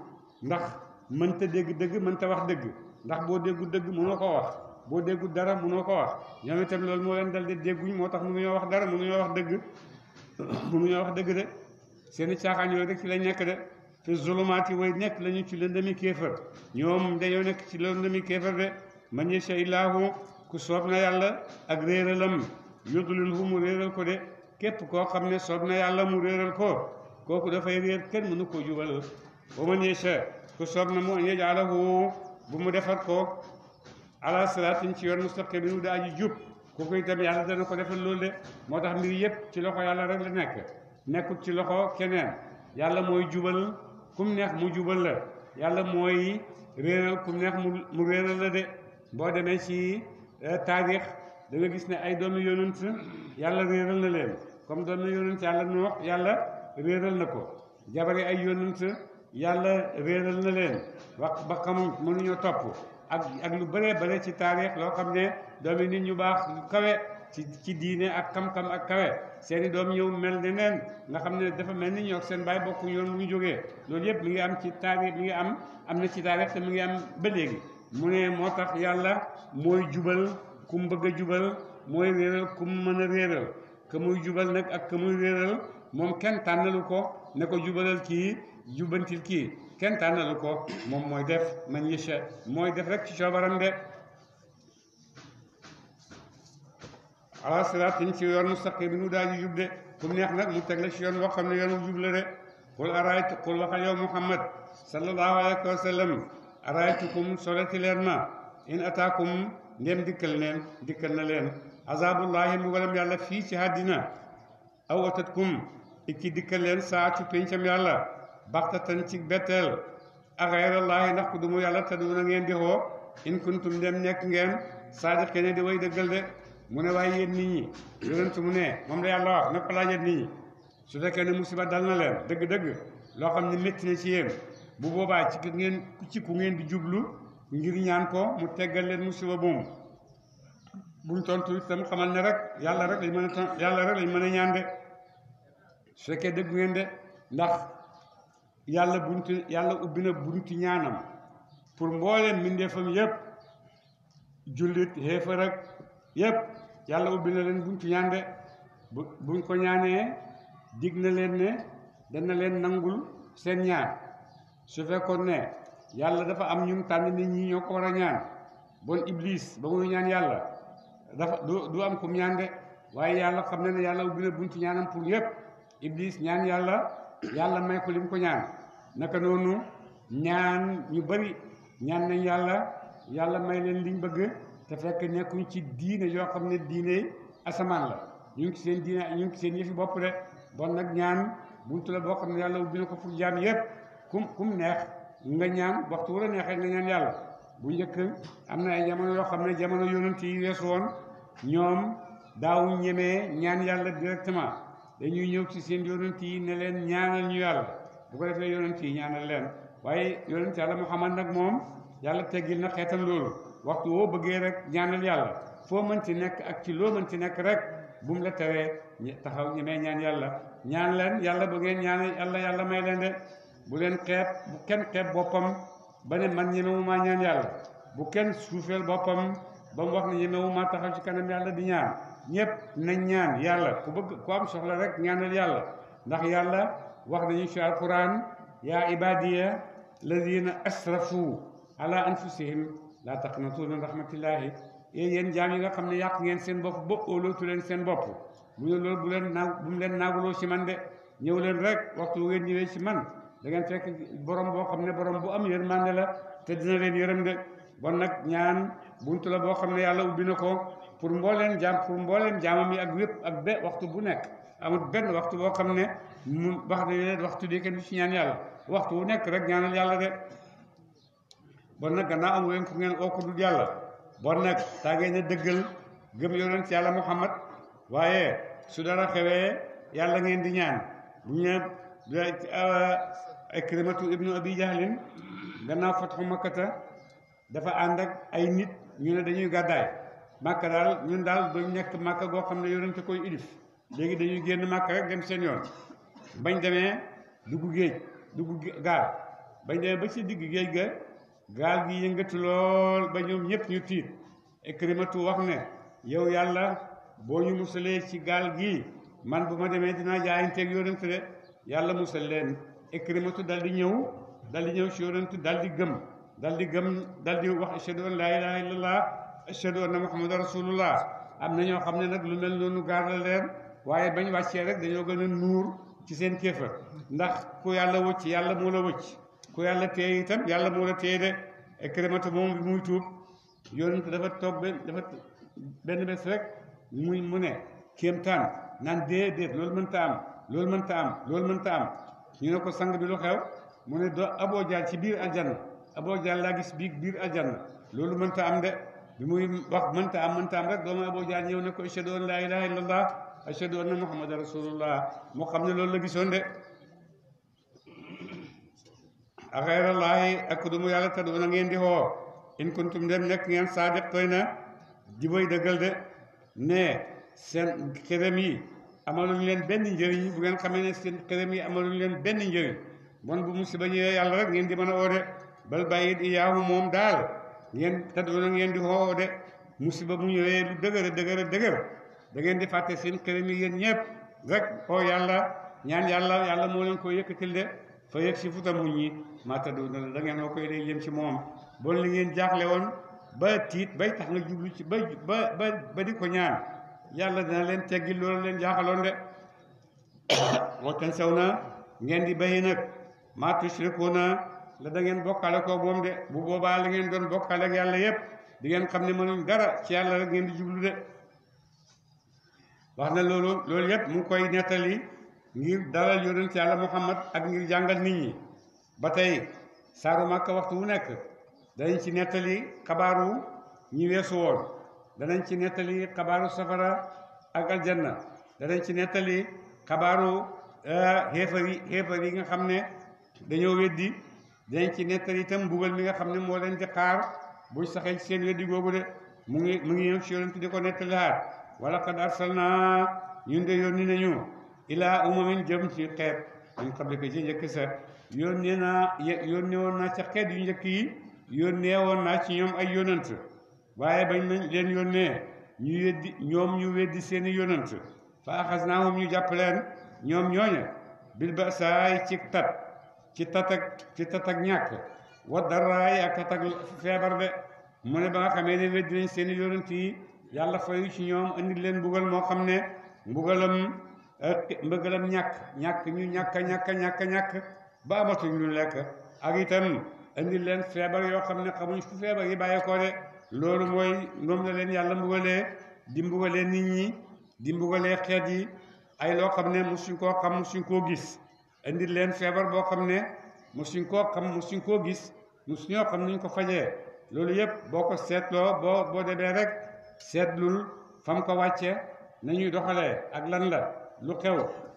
ndax mënta dégg dëgg mënta wax dégg ndax boo déggu dëgg mënoo koo wax boo déggu dara mënoo ko wax ñoom itam loolu moo leen dal de dégguñ moo tax mënuñoo wax dara mënuñoo wax dëgg mënuñoo wax dëgg de seeni caaxaan yooyu rek ci lañ nekk de fi zulumaat yi way nekk lañu ci lëndami kéefër ñoom dañoo nekk ci lëndami kéefër de man yasha illaahu ku soob na yàlla ak réeralam yudlilhu mu réeral ko de képp koo xam ne soob na yàlla mu réeral ko kooku dafay réer kenn mënu koo bu mu defar ko ala salaatin ci yoon mustaqimin daa ji jub kooku itam yàlla dana ko defal loolu de moo tax mbir yëpp ci loxo yàlla rek la nekk nekkul ci loxo keneen yàlla mooy jubal kum neex mu jubal la yàlla mooy réeral kum neex mu mu réeral la de boo demee ci eh, taarix da nga gis ne ay doomi yonent yàlla réeral na leen comme doomi yonent yàlla noox yàlla réeral na ko jabari ay yonent yàlla réeral na leen wax ba xamuñ mënuñoo topp ak ak lu bëree bëri ci taarix loo xam ne doomi nit ñu baax kawe ci ci diine ak xam-xam ak kawe seeni doom ñëw mel ne neen nga xam ne dafa mel ni ñoo seen baay bokku yoon mu ñu jógee loolu yëpp mu ngi am ci taarix mi ngi am am na ci taarix te mi ngi am ba léegi mu ne moo tax yàlla mooy jubal ku mu bëgg a jubal mooy réeral ku mën a réeral ka muy jubal nag ak ka réeral moom kenn tànnalu ko jubbantil kii kenn tànnalu ko moom mooy def man yësha mooy def rek ci coobaram de ala siraatin ci yoon mustaqim nu daa ji jub de ku neex nag mu teg la ci yoon boo xam ne yoonu jub la de qul araytu qul waxal yow muhammad sallallahu alayhi wa sallam araytukum leen ma in ataakum ndem dikkal neen dikkal na leen azabullahi mbugalam yàlla fii ci àddina aw atatkum ikki dikkal leen saa ci pencam baxtatan ci betteel ak xayrallaahi ndax ku dumu yàlla te du na ngeen di xoo in dem nekk ngeen saadiqiina di way dëggal de mu ne waaye yéen nit ñi yonent mu ne moom la yàlla wax na ko laajat nit ñi su fekkee ne musiba dal na leen dëgg-dëgg loo xam ne métti na ci yéen bu boobaa ci ngeen ci ku ngeen di jublu ngir ñaan ko mu teggal leen musiba boobu buñ tontu itam xamal ne rek yàlla rek lañ mën a yàlla rek lañ mën a ñaan de su fekkee ndax yàlla buntu yàlla ubbi na buntu ñaanam pour mbooleem mbindeefam yépp jullit xéefar ak yépp yàlla ubbi na leen buntu ñaan de bu buñ ko ñaanee dig na leen ne dana leen nangul seen ñaan su fekkoon ne yàlla dafa am ñun tànn nit ñi ñoo ko war a ñaan bon iblis ba muy ñaan yàlla dafa du du am kum ñaan de waaye yàlla xam na ne yàlla ubbi na buntu ñaanam pour yépp iblis ñaan yàlla yàlla may ko ko ñaan naka noonu ñaan ñu bari ñaan nañ yàlla yàlla may leen liñ bëgg te fekk nekkuñ ci diine yoo xam ne diine asamaan la ñu ngi ci seen diine ñu ngi seen yëfi bopp de bon nag ñaan buntu la boo xam ne yàlla ubbi na ko pour jaam yëpp kum kum neex nga ñaan waxtu wala neexee nga ñaan yàlla bu njëkk am na ay jamono yoo xam ne jamono yonent yi weesu woon ñoom daaw ñemee ñaan yàlla directement dañuy ñëw ci seen yonent yi ne leen ñaanal ñu yàlla bu ko defee yonent yi leen waaye yonent yàlla Muhammad nag moom yàlla teggil na xeetam loolu waxtu woo bëggee rek ñaanal yàlla foo ci nekk ak ci loo ci nekk rek bu mu la teree taxaw ñemee ñaan yàlla ñaan leen yàlla bu ngeen ñaan yàlla yàlla may leen de bu leen xeeb bu kenn xeeb boppam ba ne man ñemewumaa ñaan yàlla bu kenn suufeel boppam ba mu wax ne ñemewumaa taxaw ci kanam yàlla di ñaan ñëpp nañ ñaan yàlla ku bëgg ku am soxla rek ñaanal yàlla ndax yàlla wax nañu ci alquran yaa ibadiya lazina asrafu ala anfusihim laa taqnatu min rahmatillahi yéen yéen jaam yi nga xam ne yàq ngeen seen bopp ba óolootu leen seen bopp mu ne loolu bu leen naa bu mu leen naaguloo ci man de ñëw leen rek waxtu wu ngeen ñëwee ci man da ngeen fekk borom boo xam ne borom bu am yërmande la te dina leen yërëm de bon nag ñaan buntu la boo xam ne yàlla ubbi ko pour mbooleem jaam pour mbooleem jaamam yi ak wépp ak be waxtu bu nekk amul benn waxtu boo xam ne mun wax ne waxtu bi kenn du ci ñaan yàlla waxtu wu nekk rek ñaanal yàlla de bon nag gannaaw amu leen ku ngeen oo ko dul yàlla bon nag saa ngeen a dëggal gëm yonent yàlla muhammad waaye su dara xewee yàlla ngeen di ñaan bu ñu eh, ikrimatu ibnu abi jahlin gannaaw fatxu makkata dafa ànd ak ay nit ñu ne dañuy gàddaay màkka daal ñun daal duñ nekk màkka goo xam ne yonente koy ilif léegi dañuy génn màkka rek dem seen yoon bañ demee dugg géej dugg gaal bañ demee ba ci digg géej ga gaal gi yëngatu lool ba ñoom ñëpp ñu tiit Ikrimatu wax ne yow yàlla boo ñu musalee ci gaal gi man bu ma demee dinaa jaayanteeg yonente de yàlla musal leen Ikrimatu dal di ñëw dal di ñëw ci yonente dal di gëm dal di gëm dal di wax ashhadu an laa ilaaha illallah ashhadu anna muhammadan rasulullah am na ñoo xam ne nag lu mel noonu gaar la leen waaye bañ wàccee rek dañoo gën a nuur ci seen kéefër ndax ku yàlla wëcc yàlla moo la wëcc ku yàlla téye itam yàlla moo la téye de Ikrimata moom bi muy tuub yonent dafa toog benn dafa benn rek muy mu ne kéemtaan naan déedéet loolu mënta am loolu mënta am loolu mënta am ñu ne ko sang bi lu xew mu ne doo aboo jaal ci biir aljanna aboo jaal laa gis biir biir aljanna loolu mënta am de di muy wax mënta am mënta am rek doomu Abu Jahl ñëw ne ko ashhadu an laa ilaaha illallah ashhadu anna muhammadan rasulullah moo xam ne loolu la gisoon de a xayrallaahi ak ku dumu yàlla tad'uuna ngeen di xoo in kuntum dem nekk ngeen saadiq koy na di boy dëggal de ne seen xërëm yi leen benn njëriñ bu ngeen xamee ne seen xërëm yi amaluñu leen benn njëriñ bon bu musiba ñëwee yàlla rek ngeen di mën a oode bal bàyyi di yaahu moom daal ngeen taddoona ngeen di xoo de musiba mu ñëwee lu dëgër dëgër dëgër da ngeen di fàtte seen këram yi yéen ñëpp rek xoo yàlla ñaan yàlla yàlla moo leen ko yëkkatil de fa yëg si futa muñ ñi maa taddoona da dangeen oo koy day jëm ci moom bon li ngeen jaaxle woon ba tiit bay tax nga jublu ci ba ba ba di ko ñaan yàlla dina leen teggi loolu leen jaaxaloon de waxtaan saw na ngeen di bayi nag maa tushrikuuna la da ngeen bokkaale koo moom de bu boobaa la ngeen doon bokkaale ak yàlla yépp di ngeen xam ne mënuñ dara ci yàlla rek ngeen di jublu de wax na loolu loolu yépp mu koy nettali ngir dalal yonent yàlla muhammad ak ngir jàngal nit ñi ba tey saaru màkka waxtu wu nekk danañ ci nettali xabaaru ñi weesu woon danañ ci nettali xabaaru safara ak aljanna danañ ci nettali xabaaru eh, xeefar yi xeefar yi nga xam ne dañoo weddi dinañ ci nettali tam mbugal mi nga xam ne moo leen di xaar buñ saxee ci seen weddi googu de mu ngi mu ngi ñëw ci yonent di ko nettalihaat wala qad arsalna ñun de yónni nañu ilaa umamin jëm ci xeet dañ xable ko ci njëkk sa yónnee naa yónnee woon naa ci xeet yu njëkk yi yónnee woon naa ci ñoom ay yonant waaye bañ nañ leen yónnee ñu weddi ñoom ñu weddi seeni yonant fa axas naa moom ñu jàpp leen ñoom ñooña bil ba saay ci tat ci tatak ci tatak ñàkk wa daraay ak tatak feebar de mu ne ba nga xamee ne weddi nañ seen yonent yi yàlla fayu ci ñoom indi leen mbugal moo xam ne mbugalam mbugalam ñàkk ñàkk ñu ñàkk ñàkk ñàkk ñàkk ba amatuñ lu lekk ak itam indi leen feebar yoo xam ne xamuñ fu feebar yi bàyyeekoo de loolu mooy moom la leen yàlla mbugalee di mbugalee nit ñi di mbugalee xeet yi ay loo xam ne musuñ koo xam musuñ koo gis indi leen feebar boo xam ne mosuñ koo xam mosuñ koo gis mu mosuñoo xam nuñ ko fajee loolu yëpp boo ko seetloo boo boo demee rek seetlul fam ko wàcce nañuy doxalee ak lan la lu xew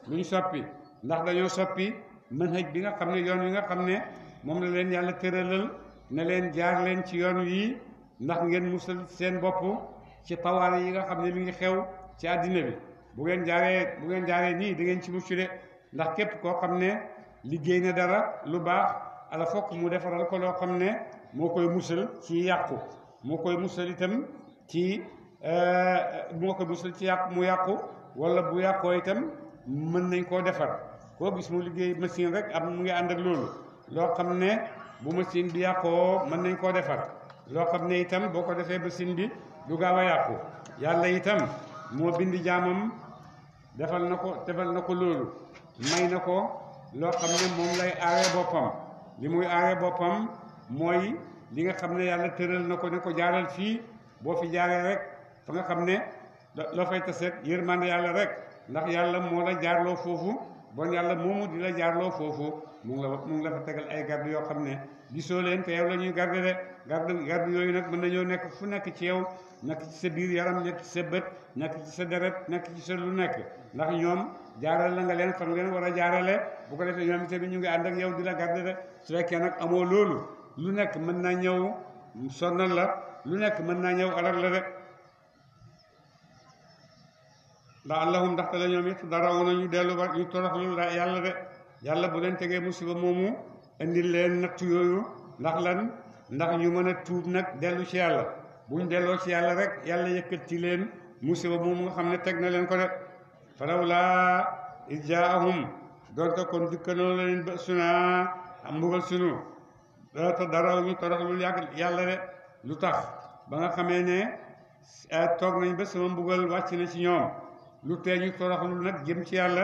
luñ soppi ndax dañoo soppi manhaj bi nga xam ne yoon wi nga xam ne moom la leen yàlla tëralal ne leen jaar leen ci yoon wi ndax ngeen musal seen bopp ci tawaare yi nga xam ne mi ngi xew ci àddina bi bu ngeen jaaree bu ngeen jaaree nii da ngeen ci mucc de ndax képp koo xam ne liggéey na dara lu baax ala fokk mu defaral ko loo xam ne moo koy musal ci yàqu moo koy musal itam ci euh, moo koy musal ci yàqu mu yàqu wala bu yàqoo itam mën nañ koo defar koo gis mu liggéey machine rek am mu ngi ànd ak loolu loo xam ne bu machine bi yàqoo mën nañ koo defar loo xam ne itam boo ko defee machine bi du gaaw a yàqu yàlla yitam moo bind jaamam defal na ko defal na ko loolu may na ko loo xam ne moom lay aaree boppam li muy aaree boppam mooy li nga xam ne yàlla tëral na ko ne ko jaaral fii boo fi jaaree rek fa nga xam ne loo fay taseet yërmande yàlla rek ndax yàlla moo la jaarloo foofu bon yàlla moomu di la jaarloo foofu mu ngi la mu ngi la fa tegal ay garde yoo xam ne gisoo leen te yow la ñuy garde de garde garde yooyu nag mën nañoo nekk fu nekk ci yow nekk ci sa biir yaram nekk ci sa bët nekk ci sa deret nekk ci sa lu nekk ndax ñoom jaaral na nga leen fan leen war a jaarale bu ko defee ñoom tamit ñu ngi ànd ak yow di la garde de su fekkee nag amoo loolu lu nekk mën naa ñëw sonnal la lu nekk mën naa ñëw alal la de ndax allahum ndaxte la ñoom it dara woon ñu dellu ba ñu toroxlu la yàlla de yàlla bu leen tegee musiba moomu indi leen natt yooyu ndax lan ndax ñu mën a tuub nag dellu ci yàlla bu ñu delloo ci yàlla rek yàlla yëkkati leen musiba moomu nga xam ne teg na leen ko falawlaa iz jaahum doonte kon dikkanoo leen ba sunaa am mbugal sunu te dara ñu torox lu yàlla de lu tax ba nga xamee ne toog nañ ba sama mbugal wàcc na ci ñoom lu tee ñu torox nag jëm ci yàlla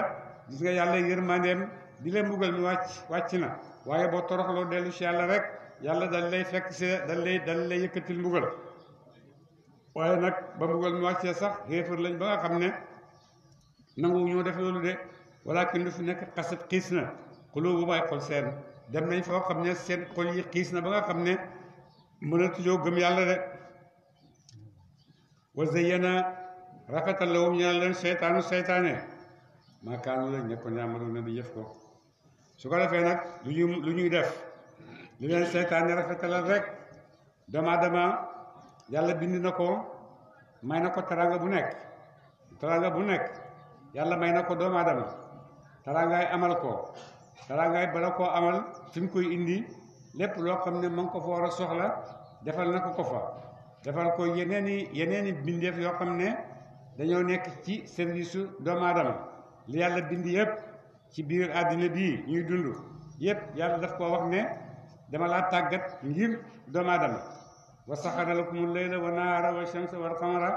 gis nga yàlla yërmandeem di leen mbugal mi wàcc wàcc na waaye boo toroxloo dellu ci yàlla rek yàlla dal lay fekk si dal lay dal lay yëkkatil mbugal waaye nag ba mbugal mi wàccee sax xéefar lañ ba nga xam ne nangu ñoo def loolu de walakin lu fi nekk xasat xiis na xuloo bu bàyyi xol seen dem nañ foo xam ne seen xol yi xiis na ba nga xam ne mënatuñoo gëm yàlla de wa zayyana rafetal la wum ñaan leen seytaanu seytaane maakaanu lañ nekkoon yaamalu na di jëf ko su ko defee nag lu ñuy def li leen seytaane rafetalal rek doomu aadama yàlla bind na ko may na ko teraanga bu nekk teraanga bu nekk yàlla may na ko doomu aadama taraangaay amal ko taraangaay bala koo amal fi mu koy indi lépp loo xam ne ma ko fa war a soxla defal na ko ko fa defal ko yeneeni yeneeni bindeef yoo xam ne dañoo nekk ci service su doomu aadama li yàlla bind yëpp ci biir àddina bi ñuy dund yëpp yàlla daf koo wax ne dama laa tàggat ngir doomu aadama wa saxara lakumul layla wa nahaara wa shamsa wal qamara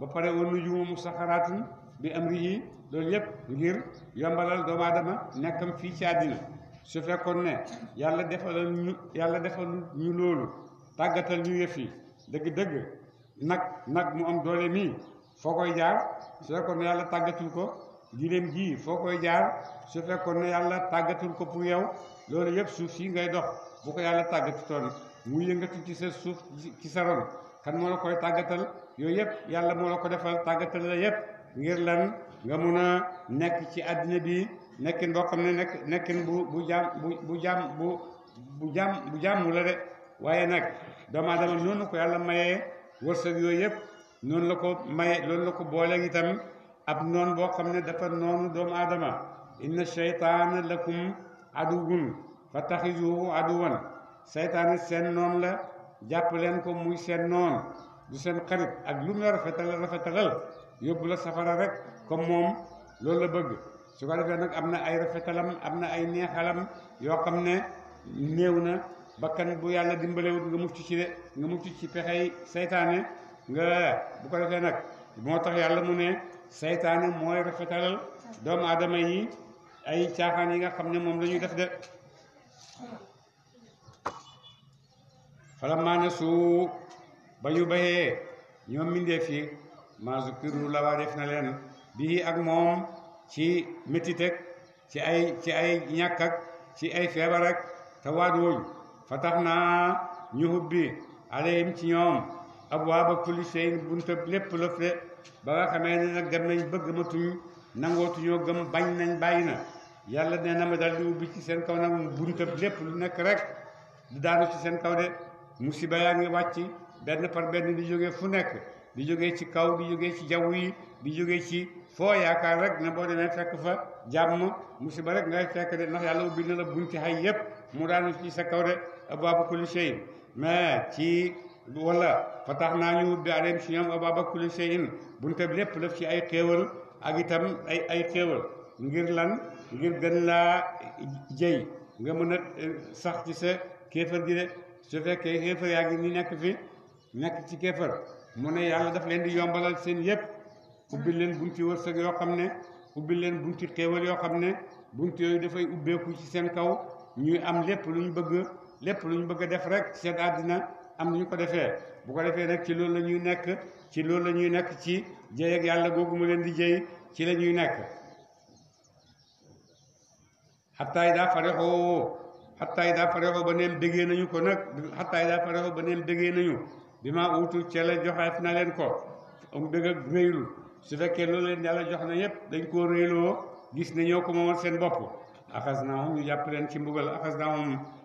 ba pare wa nujumu musaxaraatun bi amrihi loolu yépp ngir yombalal doomu aadama nekkam fii ci àddina su fekkoon ne yàlla defalal ñu yàlla defal ñu loolu tàggatal ñu yëf dëgg-dëgg nag nag mu am doole mii foo koy jaar su fekkoon ne yàlla tàggatul ko giléem ji foo koy jaar su fekkoon ne yàlla tàggatul ko pour yow loolu yépp suuf si ngay dox bu ko yàlla tàggatutoon mu yëngatu ci sa suuf ci sa ron kan moo la koy tàggatal yooyu yépp yàlla moo la ko defal tàggatal la yépp ngir lan nga mun a nekk ci àddina bi nekkin boo xam ne nekk bu bu jaam bu bu bu bu jaam bu jaamu la de waaye nag doomu aadama noonu ko yàlla mayee wërsëg yooyu yëpp noonu la ko maye loolu la ko booleeg itam ab noon boo xam ne dafa noonu doomu aadama inna shaytaana lakum aduwun fattaxizuhu aduwan seytaane seen noon la jàpp leen ko muy seen noon du seen xarit ak lu mu rafetal rafetalal yóbbu la safara rek comme moom loolu la bëgg su ko defee nag am na ay rafetalam am na ay neexalam yoo xam ne néew na bakkan bu yàlla dimbalewut nga mucc ci de nga mucc ci pexey seytaane nga bu ko defee nag moo tax yàlla mu ne seytaane mooy rafetalal doomu aadama yi ay caaxaan yi nga xam ne moom la def de fala maana su ba ñu bayee ñoom mindee fii ma zukiru la na leen bii ak moom ci métit ak ci ay ci ay ñàkk ak ci ay feebar ak te waajooñ fa tax naa ñu hubbi aleyhim ci ñoom ab waa ba kulli seen bunta lépp lëf de ba nga xamee ne nag dem nañ bëgg ma tuñ nangootuñoo gëm bañ nañ bàyyi na yàlla nen na ma dal ubbi ci seen kaw nag mu bunta lépp lu nekk rek di daanu ci seen kaw de musiba yaa ngi wàcc benn par benn di jóge fu nekk bi jógee ci kaw bi jógee ci jaww yi bi jógee ci foo yaakaar rek ne boo demee fekk fa jàmm ba rek ngay fekk de ndax yàlla ubbi na la bunti xay yépp mu daanu ci sa kaw de abwaaba kulli shay mais ci wala fatax naa ñu ubbi aleem si ñoom abwaaba kulli shay in bunte bi lépp def ci ay xéewal ak itam ay ay xéewal ngir lan ngir gën laa jëy nga mën a eh, sax ci sa kéefar gi de su fekkee kéefar yaa ngi ni nekk fi nekk ci kéefar mu ne yàlla daf leen di yombalal seen yépp ubbil leen bunti wërsëg yoo xam ne ubbil leen bunti xéewal yoo xam ne bunti yooyu dafay ubbeeku ci seen kaw ñuy am lépp lu ñu bëgg lépp lu ñu bëgg a def rek seen àddina am ñu ko defee bu ko defee nag ci loolu la ñuy nekk ci loolu la ñuy nekk ci jëy ak yàlla googu leen di jëy ci la nekk xattaay daa farexoo xattaay daa farexoo ba neen déggee nañu ko nag xattaay daa farexoo ba neen déggee nañu bi maa utu ca la joxeef na leen ko am dëgg ak réylu su fekkee loolu leen yàlla jox na yépp dañ koo réyloo gis ne ñoo ko moomal seen bopp axas naahum ñu ci mbugal axas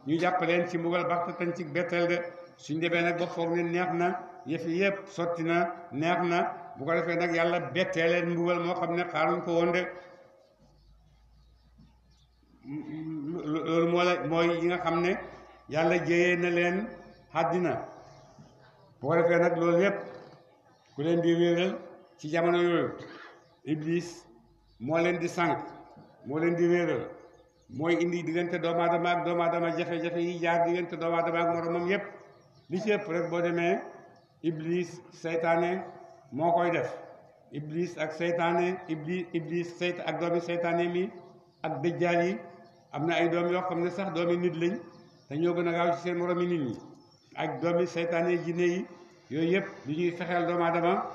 ñu jàpp leen ci mbugal baxta tañ ci bettel de suñ demee nag ba foog ne neex na yëf yi sotti na neex na bu ko defee nag yàlla bettee leen mbugal moo xam ne xaaruñ ko woon de loolu mooy yi nga xam ne yàlla jëyee na leen àddina bu ko nag loolu yépp ku leen di réeral ci jamono yooyu iblis moo leen di sànq moo leen di réeral mooy indi diggante doomu aadama ak doomu aadama jafe-jafe yi jaar diggante doomu aadama ak moromam yépp li ci ëpp rek boo demee iblis seytaane moo koy def iblis ak seytaane iblis iblis seyt ak doomi seytaane mi ak dëjjaal yi am na ay doom yoo xam ne sax doomi nit lañ dañoo gën a gaaw ci seen moromi nit ñi ak doomi seytaane yi yi yooyu yëpp lu ñuy fexeel doomu aadama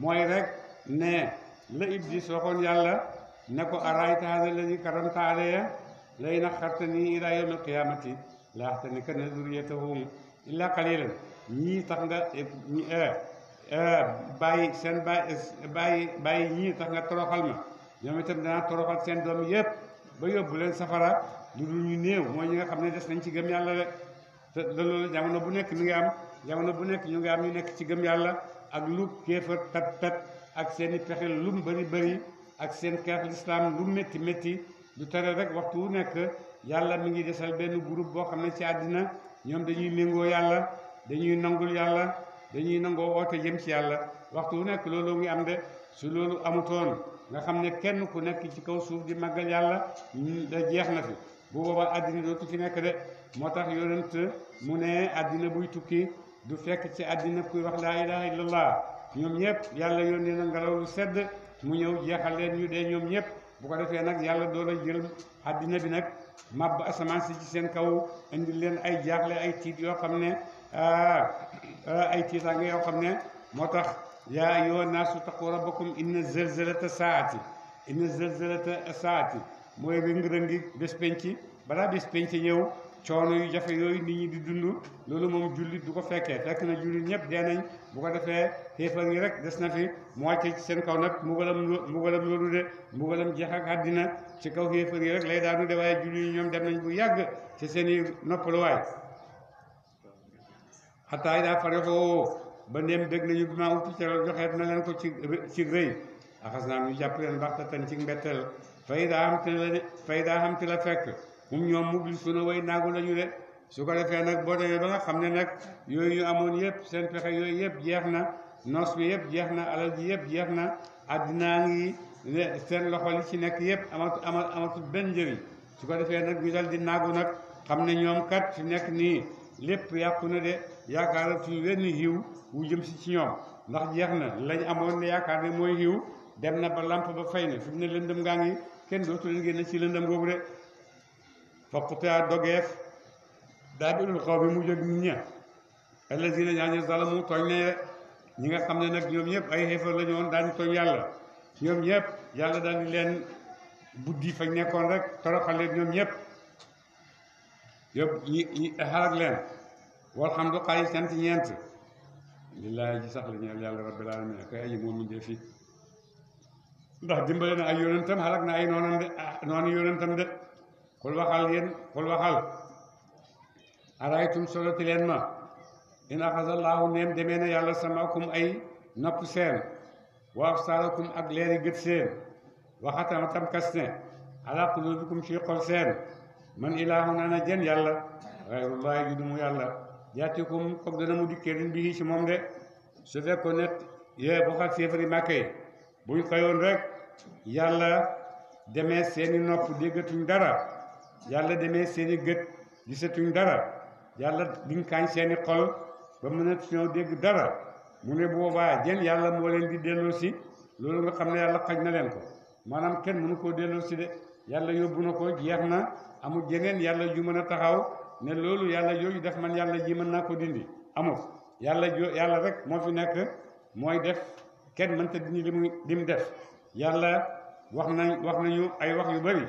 mooy rek ne la iblis waxoon yàlla ne ko arayta hada alladi karamta alayya la in na ila yawmi alqiyamati la axtanikanna zurriyatahu illa qalilan ñii tax nga eh, eh, bàyyi seen bàyyi bàyyi bàyyi ñii tax nga toroxal ma ñoom itam danaa toroxal seen doom yëpp ba yóbbu leen safara lu dul ñu néew mooy ñi nga xam ne des nañ ci gëm yàlla rek te loolu jamono bu nekk mi ngi am jamono bu nekk ñu ngi am ñu nekk ci gëm yàlla ak lu kéefar tat tat ak seen i pexe lu mu bëri bëri ak seen xeex lislaam lu métti métti du tere rek waxtu wu nekk yàlla mi ngi desal benn groupe boo xam ne ci àddina ñoom dañuy méngoo yàlla dañuy nangul yàlla dañuy nangoo oote jëm ci yàlla waxtu wu nekk loolu ngi am de su loolu amutoon nga xam ne kenn ku nekk ci kaw suuf di màggal yàlla da jeex na fi bu boobaa àddina moo tax yonent mu ne àddina buy tukki du fekk ci àddina kuy wax laa ilaha illallah ñoom ñëpp yàlla yónnee na ngelaw lu sedd mu ñëw jeexal leen ñu dee ñoom ñëpp bu ko defee nag yàlla doo la jël àddina bi nag màbb asamaan si ci seen kaw indi leen ay jaaxle ay tiit yoo xam ne ay tiitaange yoo xam ne moo tax yaa su ayyuhan naasu taqu rabbakum inna zalzalata saati inna zalzalata saati mooy rëng-rëngi bés ci balaa bés ci ñëw coono yu jafe yooyu nit ñi di dund loolu moom jullit du ko fekkee fekk na jullit ñëpp dee nañ bu ko defee xiifal yi rek des na fi mu wàcce ci seen kaw nag mbugalam mbugalam loolu de mbugalam jeex ak àddina ci kaw xiifal ngi rek lay daanu de waaye jullit ñi ñoom dem nañ bu yàgg ci seeni i noppaluwaay xataa yi daa fare ko ba ndéem dégg nañu bi maa uti cere joxeet na leen ko ci ci rëy axas naa ñu jàpp leen baxtatan ci mbettel fay daa xam te la fekk hum ñoom mublisuna way naagu lañu de su ko defee nag boo demee ba nga xam ne nag yooyu amoon yëpp seen pexe yooyu yëpp jeex na noos bi yëpp jeex na alal ji yëpp jeex na addinaa ngi seen loxo li ci nekk yëpp amatu amatu amatu benn njëriñ su ko defee nag ñu dal di naagu nag xam ne ñoom kat fi nekk nii lépp yàqu na de yaakaaratuñu wenn xiw wu jëm si ci ñoom ndax jeex na lañ amoon ne yaakaar ne mooy xiw dem na ba lamp ba fay na fi mu ne lëndëm gaa ngi kenn dootu leen génn ci lëndëm googu faqta dogeef daabilul xaw bi mu jóg nit ña allazina ñaa ñu zalamu tooñ ne ñi nga xam ne nag ñoom ñëpp ay xeefar la ñu woon daañu tooñ yàlla ñoom ñëpp yàlla daal di leen buddi fañ nekkoon rek toroxal leen ñoom ñëpp yëpp ñi xarak leen walhamdu xaayi sant ñeent lillaahi ji sax la ñeel yàlla rabbil alamin kay aji moom mindee fi ndax dimbale na ay yonentam xalak na ay noonam de ah, noonu yonentam de xul waxal yéen solo waxal araytum soloti leen ma in axasallaahu neem demee na yàlla samaakum ay nopp seen wa absaarakum ak leeri gët seen waxatama tam kas ne ala qulubikum ci xol seen man ilaahun ana jën yàlla xayrullahi ju dumu yàlla yaatikum koog dana mu dikkee din bi ci moom de su fekkoon ne yee bu xat séefari màkka yi buñ xëyoon rek yàlla demee seeni nopp déggatuñ dara yàlla demee seen i gët gisatuñ dara yàlla dinkaañ seen i xol ba mënatuñoo dégg dara mu ne boobaa jën yàlla moo leen di delloo si loolu nga xam ne yàlla xaj na leen ko maanaam kenn mënu koo delloo si de yàlla yóbbu na ko jeex na amul jeneen yàlla ju mën a taxaw ne loolu yàlla yooyu def man yàlla ji mën naa ko dindi amul yàlla jo yàlla rek moo fi nekk mooy def kenn mënta dindi li mu def yàlla wax nañ wax nañu ay wax yu bari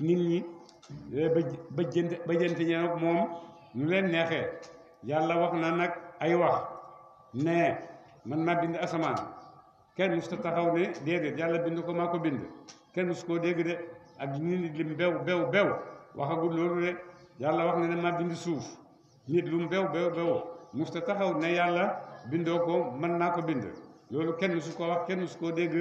nit ñi yooyu bëj bëjjante bëjjante ñee nag moom nu leen neexee yàlla wax na nag ay wax ne man maa bind asamaan kenn mus ta taxaw ne déedéet yàlla bind ko maa ko bind kenn mus koo dégg de ak nit wax na ne maa bind suuf nit lu mu bew bew bew mus yàlla bindoo ko mën naa ko bind loolu kenn musu ko wax kenn musu koo dégg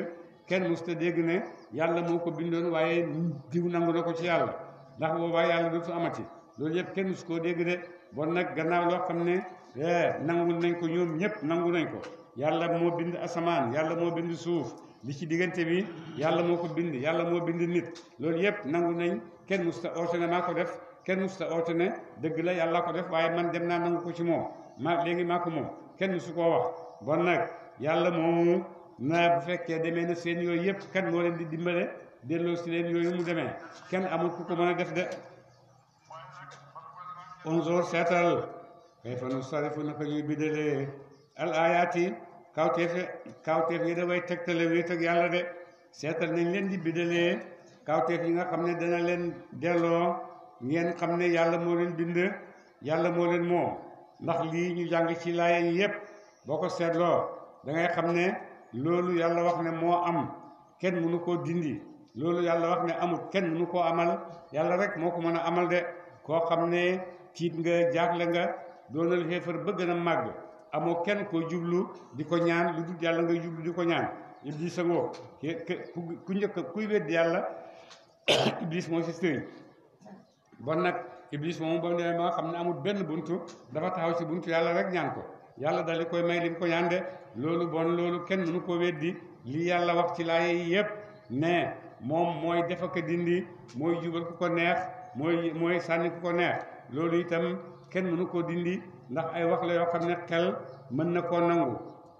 kenn musu dégg ne yàlla moo ko bindoon waaye diw nangu na ko ci yàlla ndax boobaa yàlla dootu amati loolu yëpp kenn su koo dégg de bon nag gannaaw loo xam ne eh, nangul nañ ko ñoom ñëpp nangu nañ ko yàlla moo bind asamaan yàlla moo bind suuf li ci diggante bi yàlla moo ko bind yàlla moo bind nit loolu yëpp nangu nañ kenn musta oote ne maa ko def kenn ta oote ne dëgg la yàllaa ko def waaye man dem naa nangu ko ci moom maa léegi maa ko moom kenn su koo wax bon nag yàlla moomu na bu fekkee demee na seen yooyu yëpp kan moo di dimbale delloo si leen yooyu mu deme kenn amul ku ko mën a def de unzur seetal kayfa nusarrifu naka ñuy biddalee al ayaati kawteef kawteef yi dafay tegtale wéet ak yàlla de seetal nañ leen di biddalee kawteef yi nga xam ne dana leen delloo ngeen xam ne yàlla moo leen bind yàlla moo leen moo ndax lii ñu jàng ci laayeen yépp boo ko seetloo da xam ne loolu yàlla wax ne moo am kenn mënu koo dindi loolu yàlla wax ne amul kenn mënu koo amal yàlla rek moo ko mën a amal de koo xam ne tiit nga jaaxle nga doonal xeefar ba gën a màgg amoo kenn koo jublu di ko ñaan lu dul yàlla nga jublu di ko ñaan iblis a ngoo ku njëkk kuy wedd yàlla iblis mooy si sëriñ bon nag iblis moom ba ne ma xam ne amul benn buntu dafa taxaw si buntu yàlla rek ñaan ko yàlla dali koy may lim ko ñaan de loolu bon loolu kenn mënu koo weddi li yàlla wax ci laay yépp mais moom mooy defa dindi mooy jubal ku ko neex mooy mooy sànni ku ko neex loolu itam kenn mënu koo dindi ndax ay wax la yoo xam ne xel mën na koo nangu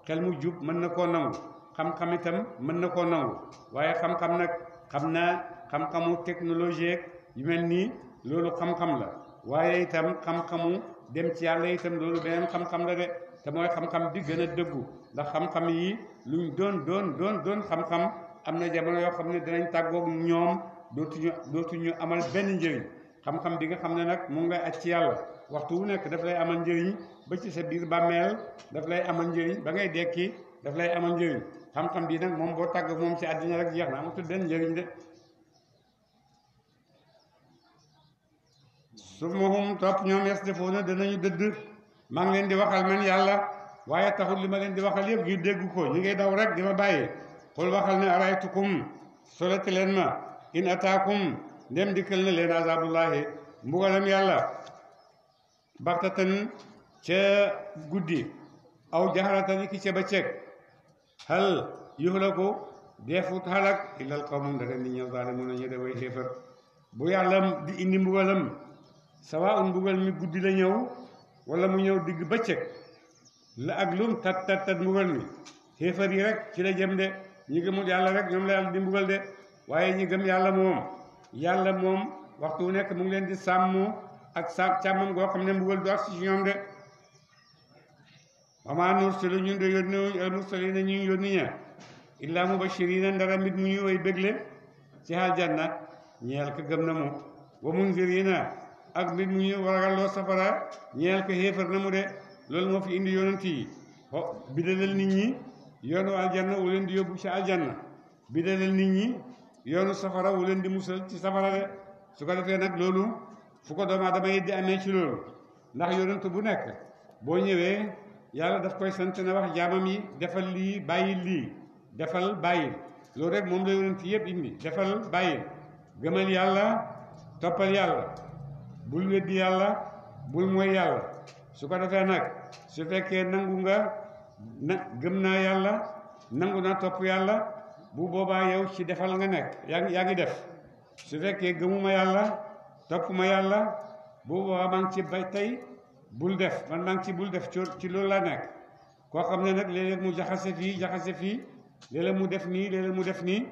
xel mu jub mën na koo nangu xam-xam itam mën na koo nangu waaye xam-xam nag xam naa xam-xamu technologie yu mel nii loolu xam-xam la waaye itam xam-xamu dem ci yàlla itam loolu beneen xam-xam la de te mooy xam-xam bi gën a dëggu ndax xam-xam yi luñ doon doon doon doon xam-xam am na jamono yoo xam ne dinañ tàggoog ñoom dootuñu dootuñu amal benn njëriñ xam-xam bi nga xam ne nag mu ngay aj ci yàlla waxtu wu nekk daf lay amal njëriñ ba ci sa biir bàmmeel daf lay amal njëriñ ba ngay dekki daf lay amal njëriñ xam-xam bi nag moom boo tàgg moom ci àddina rek jeex na amatul benn njëriñ de su mahum topp ñoom es defoo na danañu dëdd maa ngi leen di waxal man yàlla waaye taxul li ma leen di waxal yëpp ñu dégg ko ñu ngay daw rek di ma bàyyi xul waxal ne araytukum solati leen ma in ataakum ndem dikkal na leen azabullahi mbugalam yàlla baxtatan ca guddi aw jaxaratan ki ca bëccëg hal yuhlaku defut halak illal qawmum dara ñëw ñal zalimun ñu de way xéefar bu yàlla di indi mbugalam sawa un mbugal mi guddi la ñëw wala mu ñëw digg bëccëg la ak lum tat tat mbugal mi xéefar yi rek ci la jëm de ñi gëmul yàlla rek ñoom la yàlla di mbugal de waaye ñi gëm yàlla moom yàlla moom waxtu wu nekk mu ngi leen di sàmm ak sa càmmam goo xam ne mbugal du ak si ñoom de wamaa nursilu ñun de yónni mursalina ñu yónni ña illaa mubashirina ndara mbit mu ñuy way bégle ci aljanna ñeel ko gëm na mu wa munzirina ak mbit mu ñuy waragalloo safara ñeel ko xéefar na mu de loolu moo fi indi yonent yi ho bidalal nit ñi yoonu aljanna wu leen di yóbbu ci aljanna bi dalal nit ñi yoonu safara wu leen di musal ci safara de su ko defee nag loolu fu ko doomu aadama yi di amee ci loolu ndax yonent bu nekk boo ñëwee yàlla daf koy sant na wax jaamam yi defal lii bàyyi lii defal bàyyi loolu rek moom la yonent yëpp indi defal bàyyi gëmal yàlla toppal yàlla bul weddi yàlla bul mooy yàlla su ko defee nag su fekkee nangu nga nag gëm naa yàlla nangu naa topp yàlla bu boobaa yow ci defal nga nekk yaa ngi yaa ngi def su fekkee gëmuma yàlla topp ma yàlla bu boobaa maa ci bay tey bul def man maa ci bul def ci loolu laa nekk koo xam ne nag léeg mu jaxase fii jaxase fii léeg mu def nii léeg mu def nii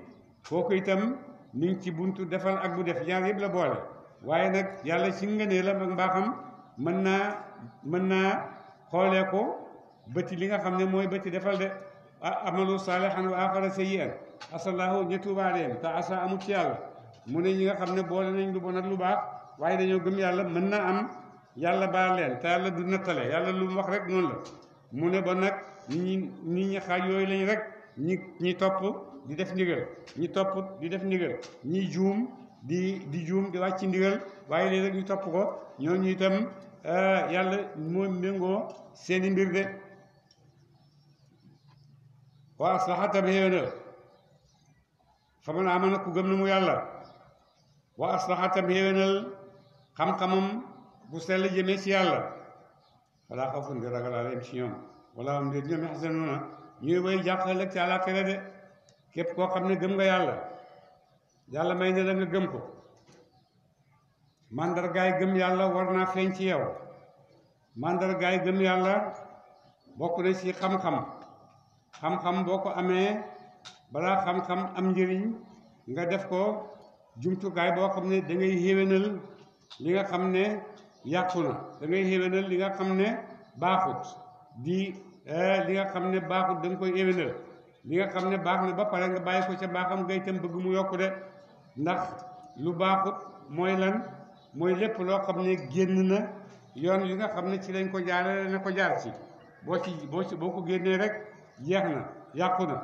kooku itam mi ngi ci buntu defal ak bu def ñaar yëpp la boole waaye nag yàlla ci ngënee la mbaaxam mën naa mën naa xoolee ko bëti li nga xam ne mooy bëti defal de amalu saalihan wa aaxara sayyi'an asallahu ña tuubaaleen te asa amut ci yàlla mu ne ñi nga xam ne boole nañ lu bon lu baax waaye dañoo gëm yàlla mën na am yàlla baal leen te yàlla du lu mu wax rek noonu la mu ne ba nag ñi ñi xaaj yooyu lañu rek ñi ñi topp di def ndigal ñi topp di def ndigal ñi juum di di juum di wàcc ndigal waaye léegi rek ñu topp ko ñoo ñu itam eh, yàlla moo méngoo seeni mbir de wa aslaha te xëyee na faman amana ku gëm na mu yàlla wa aslaha te xëyeenal xam-xamam bu sell jëmee ci yàlla falaa xawfun di ragal alayhim ci ñoom wala am déet ñoom yaxzanuuna ñuy way jàqalëg ci àllaaxira de képp koo xam ne gëm nga yàlla yàlla may ne la gëm ko mandargaay gëm yàlla war naa feeñ ci yow mandargaay gëm yàlla bokk na ci xam-xam xam-xam boo ko amee balaa xam-xam am njëriñ nga def ko jumtukaay boo xam ne da ngay xéwénal li nga xam ne yàqu na da ngay li nga xam ne baaxut di eh, li nga xam ne baaxut da koy xéwénal li nga xam ne baax na ba pare nga bàyyi ko ca baaxam ngay itam bëgg mu yokku de ndax lu baaxut mooy lan mooy lépp loo xam ne génn na yoon yi nga xam ne ci lañ ko jaarale na ko jaar ci boo ci boo ci boo ko génnee rek jeex na yàqu na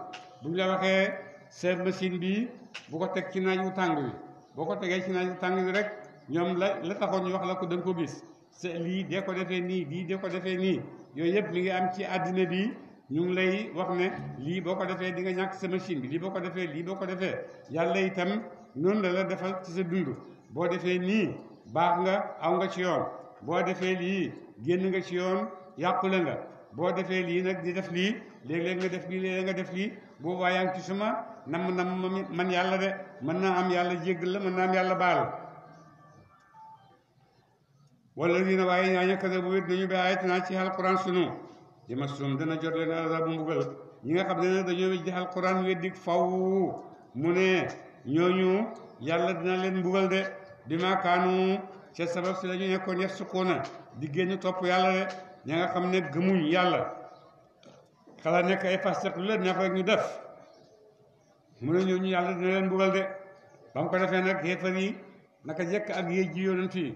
bu ñu la waxee seet machine bi bu ko teg ci naaj wu tàng wi boo ko tegee ci naaj wu tàng wi rek ñoom la la taxoon ñu wax la ko da ko bis se lii dee ko defee nii lii dee ko defee nii yooyu yëpp mi ngi am ci àddina bi ñu ngi lay wax ne lii boo ko defee di nga ñàkk sa machine bi lii boo ko defee lii boo ko defee yàlla itam noonu la la defal ci sa dund boo defee nii baax nga aw nga ci yoon boo defee lii génn nga ci yoon yàqule nga boo defee lii nag di def lii léegi léeg nga def bii léeg-léeg nga def lii boobaa yaa ci suma nam nam man yàlla de mën naa am yàlla jéggal la mën naa am yàlla baal wala dina waaye ñaa ña kada bu wét nañu bi ayat ci alquran sunu jëma suum dana jot leen azabu ñi nga xam ne nag dañoo wéddi alquran weddi faw mu ne ñooñu yàlla dina leen mbugal de bi ma kaanu ca sabab si la ñu nekkoon yef suqoona di génn topp yàlla de ña nga xam ne gëmuñ yàlla xalaat nekk ay pasteur lu leen neex rek ñu def mu ne ñooñu yàlla dina leen mbugal de ba mu ko defee nag xéefar yi naka jekk ak yéej ji yonent yi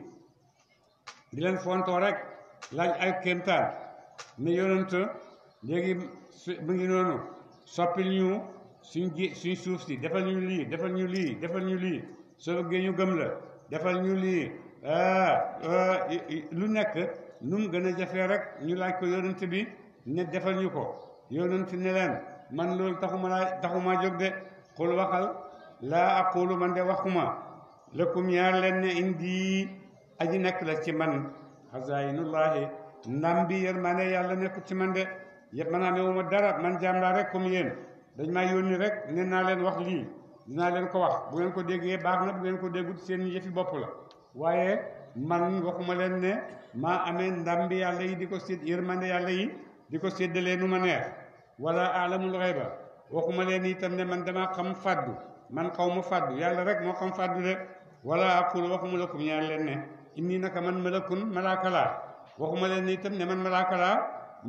di leen fontoo rek laaj ay kéemtaan ne yonent léegi mu ngi noonu soppil ñu suñ suuf si defal ñu lii defal ñu lii defal ñu lii soo bëggee ñu gëm la defal ñu lii ah, ah, lu nekk nu mu gën a jafee rek ñu laaj ko yonent bi ne defal ñu ko yonent ne leen man loolu taxuma laa taxuma jóg de xul waxal laa aqulu man de waxuma lakum yaar leen ne indi aji nekk la ci man xazainullahi ndam bi yërmande yàlla nekku ci man de yëpp man amewuma dara man jaam laa rek comme yéen dañ maa yónni rek ne naa leen wax lii dinaa leen ko wax bu ngeen ko déggee baax na bu ngeen ko déggut seen yëfi bopp la waaye man waxuma leen ne maa amee ndam bi yàlla yi di ko séet man yàlla yi di ko séddalee nu ma neex wala alamul xayba waxuma leen itam ne man damaa xam fàddu man xaw ma fàddu yàlla rek moo xam fàddu de wala aqul waxuma lakum ñaar leen ne man malakun laa waxuma leen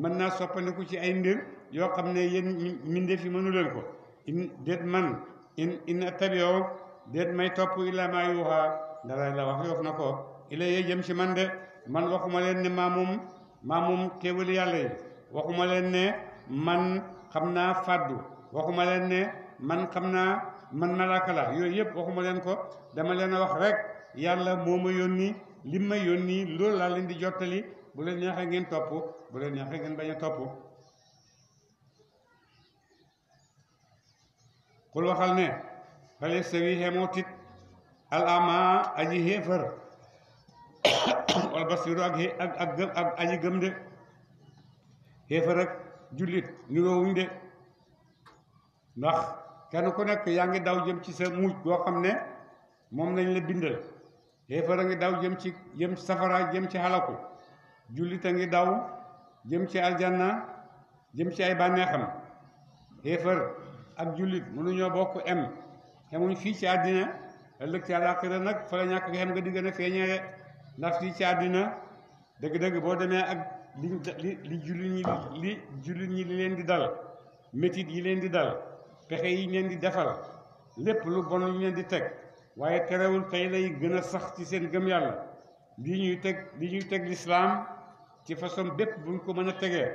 man naa soppandiku ci ay mbir yoo xam ne yéen mbindéef yi mënu ko in déet man in in attabi'u déet may topp illaa maa yuuhaa dara la wax yoof na ko ila yee ci man de man waxuma leen ne maa moom maa yàlla yi waxuma leen ne man xam naa fàddu waxuma leen ne man xam naa man malaaka la yooyu yëpp waxuma leen ko dama leen a wax rek yàlla moo ma yónni li ma yónni loolu laa leen di jottali bu leen neexee ngeen topp bu leen neexee ngeen bañ a topp xul waxal ne fale sawi xemoo tit al ama aji xéefër wal basiru ak ak ak aji gëm de xéefar ak jullit niroowuñ de ndax kenn ku nekk yaa ngi daw jëm ci sa muuj boo xam ne moom lañ la bindal xéefar a ngi daw jëm ci jëm safara jëm ci xalaku jullit a ngi daw jëm ci aljanna jëm ci ay bànneexam xéefar ak jullit mënuñoo bokk em xemuñ fii ci àddina ëllëg ci àllaaxira nag fa la ñàkk nga xam nga di gën a feeñee ndax fii ci àddina dëgg-dëgg boo demee ak li li li jullit ñi li jullit ñi li leen di dal métit yi leen di dal pexe yi leen di defal lépp lu bon ñu leen di teg waaye terewul tey lay gën a sax ci seen gëm yàlla li ñuy teg li ñuy teg lislaam ci façon bépp buñ ko mën a tegee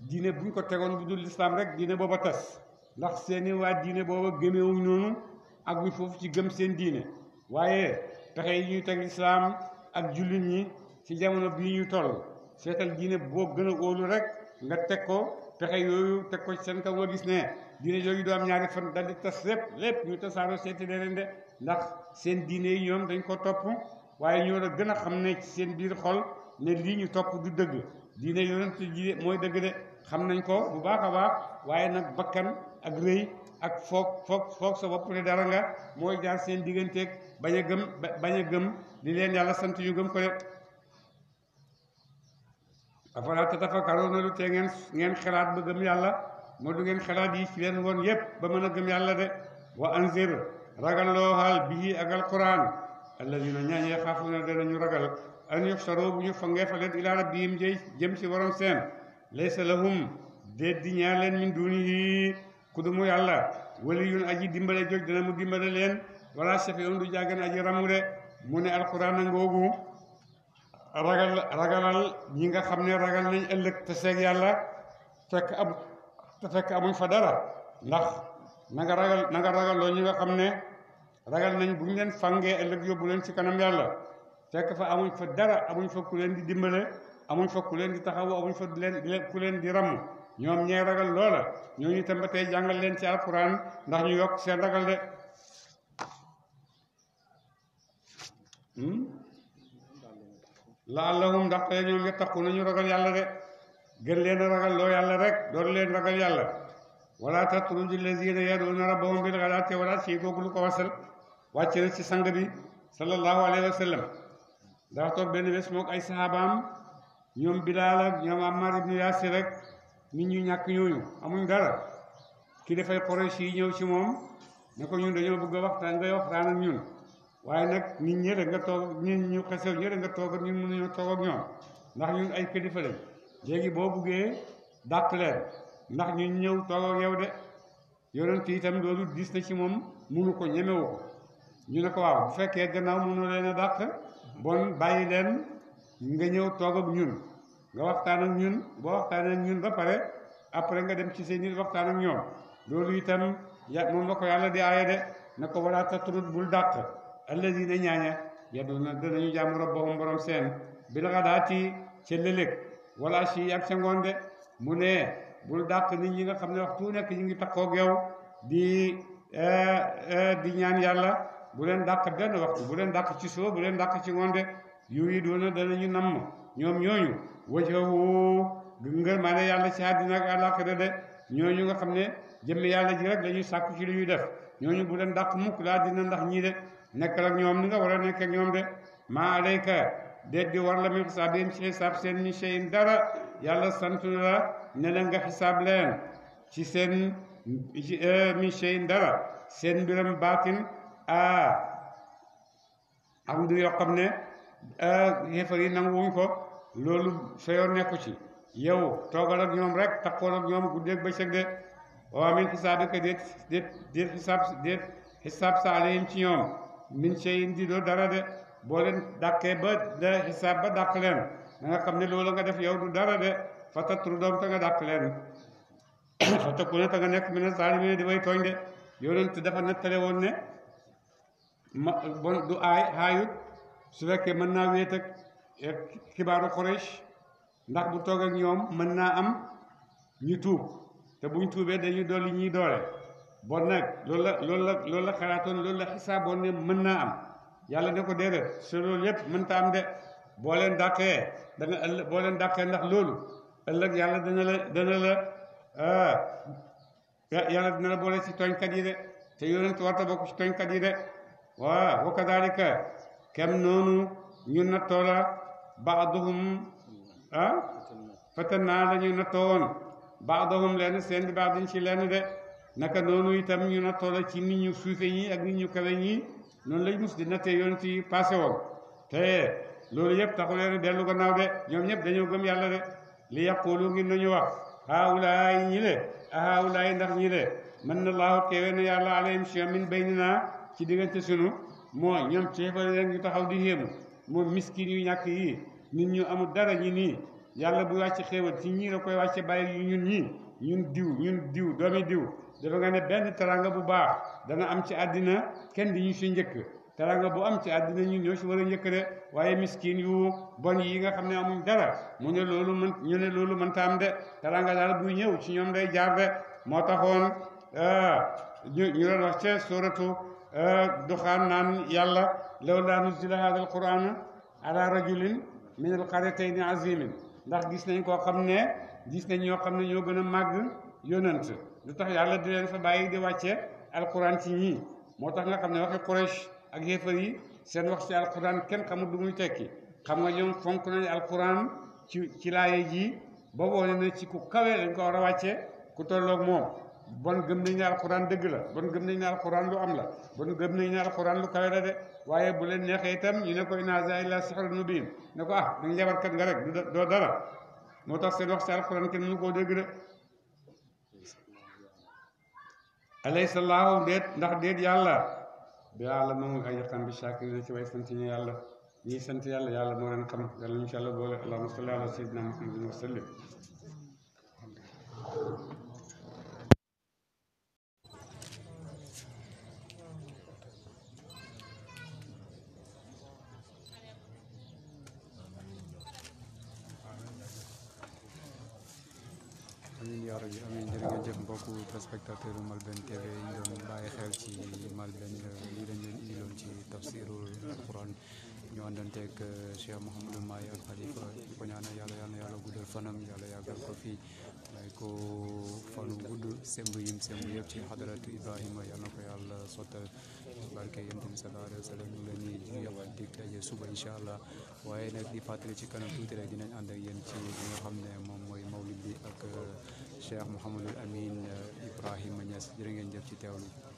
diine buñ ko tegoon bu dul lislaam rek diine booba tas ndax seeni waa diine booba gëmeewuñ noonu ak ñu foofu ci gëm seen diine waaye pexe yi ñuy teg lislaam ak jullit yi ci jamono bii ñu toll seetal diine boo gën a óolu rek nga teg ko pexe yooyu teg ko ci seen kaw nga gis ne diine yooyu doo am ñaari fan daal tas lépp lépp ñu tasaaroo seeti leen de ndax seen diine yi ñoom dañ ko topp waaye ñoo la gën a xam ne ci seen biir xol ne lii ñu topp du dëgg diine yonent ji mooy dëgg de xam nañ ko bu baax a baax waaye nag bakkan ak rëy ak foog foog foog sa bopp ne dara nga mooy jaar seen digganteeg bañ a gëm bañ a gëm li leen yàlla sant yu gëm ko de a tatafakkaruuna lu tee ngeen ngeen xalaat ba gëm yàlla moo du ngeen xalaat yi ci leen woon yépp ba mën a gëm yàlla de wa anzir ragal loo xaal bihi ak alquran alladina ñaañee xaafuuna danañu ragal an yuxsaroo bu ñu fangee fa leen ilaa rabbihim jëy jëm ci waroom seen laysa lahum déet di ñaar leen min dunihi ku dumu yàlla waliyun aji dimbale jog dana mu dimbale leen wala shafiun du jàggan aji ramu de mu ne alquran a ngoogu ragal ragalal ñi nga xam ne ragal nañ ëllëg te seeg yàlla fekk ab te fekk amuñ fa dara ndax na nga ragal na nga ragal ñi nga xam ne ragal nañ bu ñu leen fangee ëllëg yóbbu leen ci kanam yàlla fekk fa amuñ fa dara amuñ fa ku leen di dimbale amuñ fa ku leen di taxawu amuñ fa leen ku leen di ramm ñoom ñee ragal loola ñooñu itam ba tey jàngal leen ci alquran ndax ñu yokk seen ragal de hmm? la allahum ndax tey ñoom yattaqu nañu ragal yàlla de gën leen a ragal yàlla rek door leen ragal yàlla wala tatruju lazina yaduuna rabbahum bil ghadaati wala si googu lu ko wasal wàcc na ci sang bi sallallahu alayhi wa sallam daa toog benn bés mook ay sahabaam ñoom Bilaal ak ñoom Ammar ibnu Yaasir rek nit ñu ñàkk ñooñu amuñ dara kii dafay Quraysh yi ñëw ci moom ne ko ñun dañoo bëgg a waxtaan ngay waxtaan ak ñun waaye nag nit ñi rek nga toog nit ñu xesew ñi rek nga toog ak ñun mënuñoo toog ak ñoom ndax ñun ay kilifa lañ léegi boo buggee dàq leen ndax ñu ñëw toog ak yow de yonent yi itam loolu gis na ci moom munu ko ñemewu ko ñu ne ko fekkee gannaaw mënu leen a dàq bon bàyyi leen nga ñëw toog ak ñun nga waxtaan ak ñun boo waxtaan ak ñun ba pare après nga dem ci seen nit waxtaan ak ñoom loolu itam ya moom la ko yàlla di aaye de ne ko walaa tatrut bul dàq alladina ñaaña yaduna danañu jaamu rabbahum borom seen bil xadaati ca lëlëg wala si ak ca ngoon de mu ne bul dàq nit ñi nga xam ne waxtu nekk ñu ngi takkoog yow di eh, eh, di ñaan yàlla bu leen dàq benn waxtu bu leen dàq ci suba bu leen dàq ci ngoon de yu yi doona danañu namm ñoom ñooñu wajahu ngër ne yàlla ci àddina ak àllaaxira de ñooñu nga xam ne jëmme yàlla ji rek la ñuy sàkku ci lu def ñooñu bu leen dàq mukk laa dina ndax ñii de nekkal ak ñoom ni nga war a nekk ñoom de maa alayka déet di war la mi xisaabihim ci xisaab seen mi shay'in dara yàlla sant na la xisaab leen ci seen euh, mi shay'in dara seen mbiram baatin a am du yoo ne xéefar yi nangu wuñ ko loolu sa yoon nekku ci yow toogal ak ñoom rek takkoon ak ñoom guddeeg bëccëg de waaw min xisaabika déet déet déet xisaab sa alayhim ci ñoom min shay'in di doo dara de boo leen dàqee ba da xisaab ba dàq leen da nga xam ne loolu nga def yow du dara de fa turu doom ta nga dàq leen fata ku ne ta nga nekk mi ne mi di way tooñ de yonent dafa nettale woon ne ma bon du aay aayut su mën naa wéet ak xibaaru Quraysh ndax bu toog ak ñoom mën naa am ñu tuub te buñ da dañuy dolli ñuy doole bon nag loolu la loolu la loolu la xalaatoon loolu la xisaaboon ne mën naa am yàlla ne ko déedéet su loolu yëpp mën ta am de boo leen dàqee da nga ëllëg boo leen dàqee ndax loolu ëllëg yàlla dana la dana la ah, yàlla dina la boole ci tooñkat yi de te yonent warta bokk ci tooñkat yi de waa wa kadalika kem noonu ñu nattoo la baaduhum ah fatan naa la ñu nattoo woon baaduhum leen seen di baax diñ ci leen de naka noonu itam ñu nattoo la ci nit ñu suufe ñi ak nit ñu kawe ñi noonu lañ mus di nattee yoon yi passé woon te loolu yëpp taxu leen dellu gannaaw de ñoom ñëpp dañoo gëm yàlla de li lu ngir nañu wax haawulaay ñi le haawulaay ndax ñi le mën na laahu teewee na yàlla alayhim bay ni naa ci diggante sunu mooy ñoom ceefal leen ñu taxaw di xéemu moom miskin yu ñàkk yi nit ñu amul dara ñi nii yàlla bu wàcc xéewal ci ñii la koy wàcce bàyyi yu ñun ñii ñun diw ñun diw doomi dafa nga ne benn teranga bu baax dana am ci àddina kenn di ñu si njëkk teranga bu am ci àddina ñu ñoo si war a njëkk de waaye miskin yu bon yi nga xam ne amuñ dara mu ne loolu mënta am de teranga daal buy ñëw ci ñoom day jaar de moo taxoon ah, ñu ñu doon wax ca suratu ah, duxaan naan yàlla law laa nuzila haadal quraan ala rajulin min al qaryatayni azimin ndax gis nañ koo xam ne gis nañ ñoo xam ne ñoo gën a màgg yonant lu tax yàlla di leen fa bàyyi di wàcce alquran ci ñii moo tax nga xam ne waxi Quraysh ak yéefar yi seen wax ci alquran kenn xamul du muy tekki xam nga ñoom fonk nañu alquran ci ci laaye ji ba woone na ci ku kawe dañ ko war a wàcce ku tolloog moom bon gëm nañ ne alquran dëgg la bon gëm nañ ne alquran lu am la bon gëm nañ ne alquran lu kawe la de waaye bu leen neexee itam ñu ne koy in la illaa nu mubiin ne ko ah da nga nga rek doo moo tax seen wax ci dégg alaysa laahu déet ndax déet yàlla bi yàlla moomul ay joxam bi shaakiriin ci way sant ñu yàlla ñii sant yàlla yàlla moo leen kam yàlla ñu ci yàlla boole allahumma salli ala sayyidina muhammadin wa amiin yaa rabbi amiin jërë ngeen jëf mbokku téléspectateur Malben TV ñu doon bàyyi xel ci Malben lii dañ leen indiloon ci tafsirul alquran ñu àndanteeg euh, Cheikh Mouhamadou Maye ak Khalifa ko ñaanal yàlla yàlla guddal fanam yàlla yàggal ko fii may ko fanu gudd semb yim semb yëpp ci xadaratu Ibrahima yàlla ko yàlla sottal barke yonent bi sallallahu alayhi wa sallam ñu ngi leen di yàq di suba incha allah waaye nag di fàttali ci kanam tuuti rek dinañ ànd ak yéen ci li xam ne moom Cheikh Mouhamadul Amin Ibrahima Niass jërë ngeen jëf ci teewlu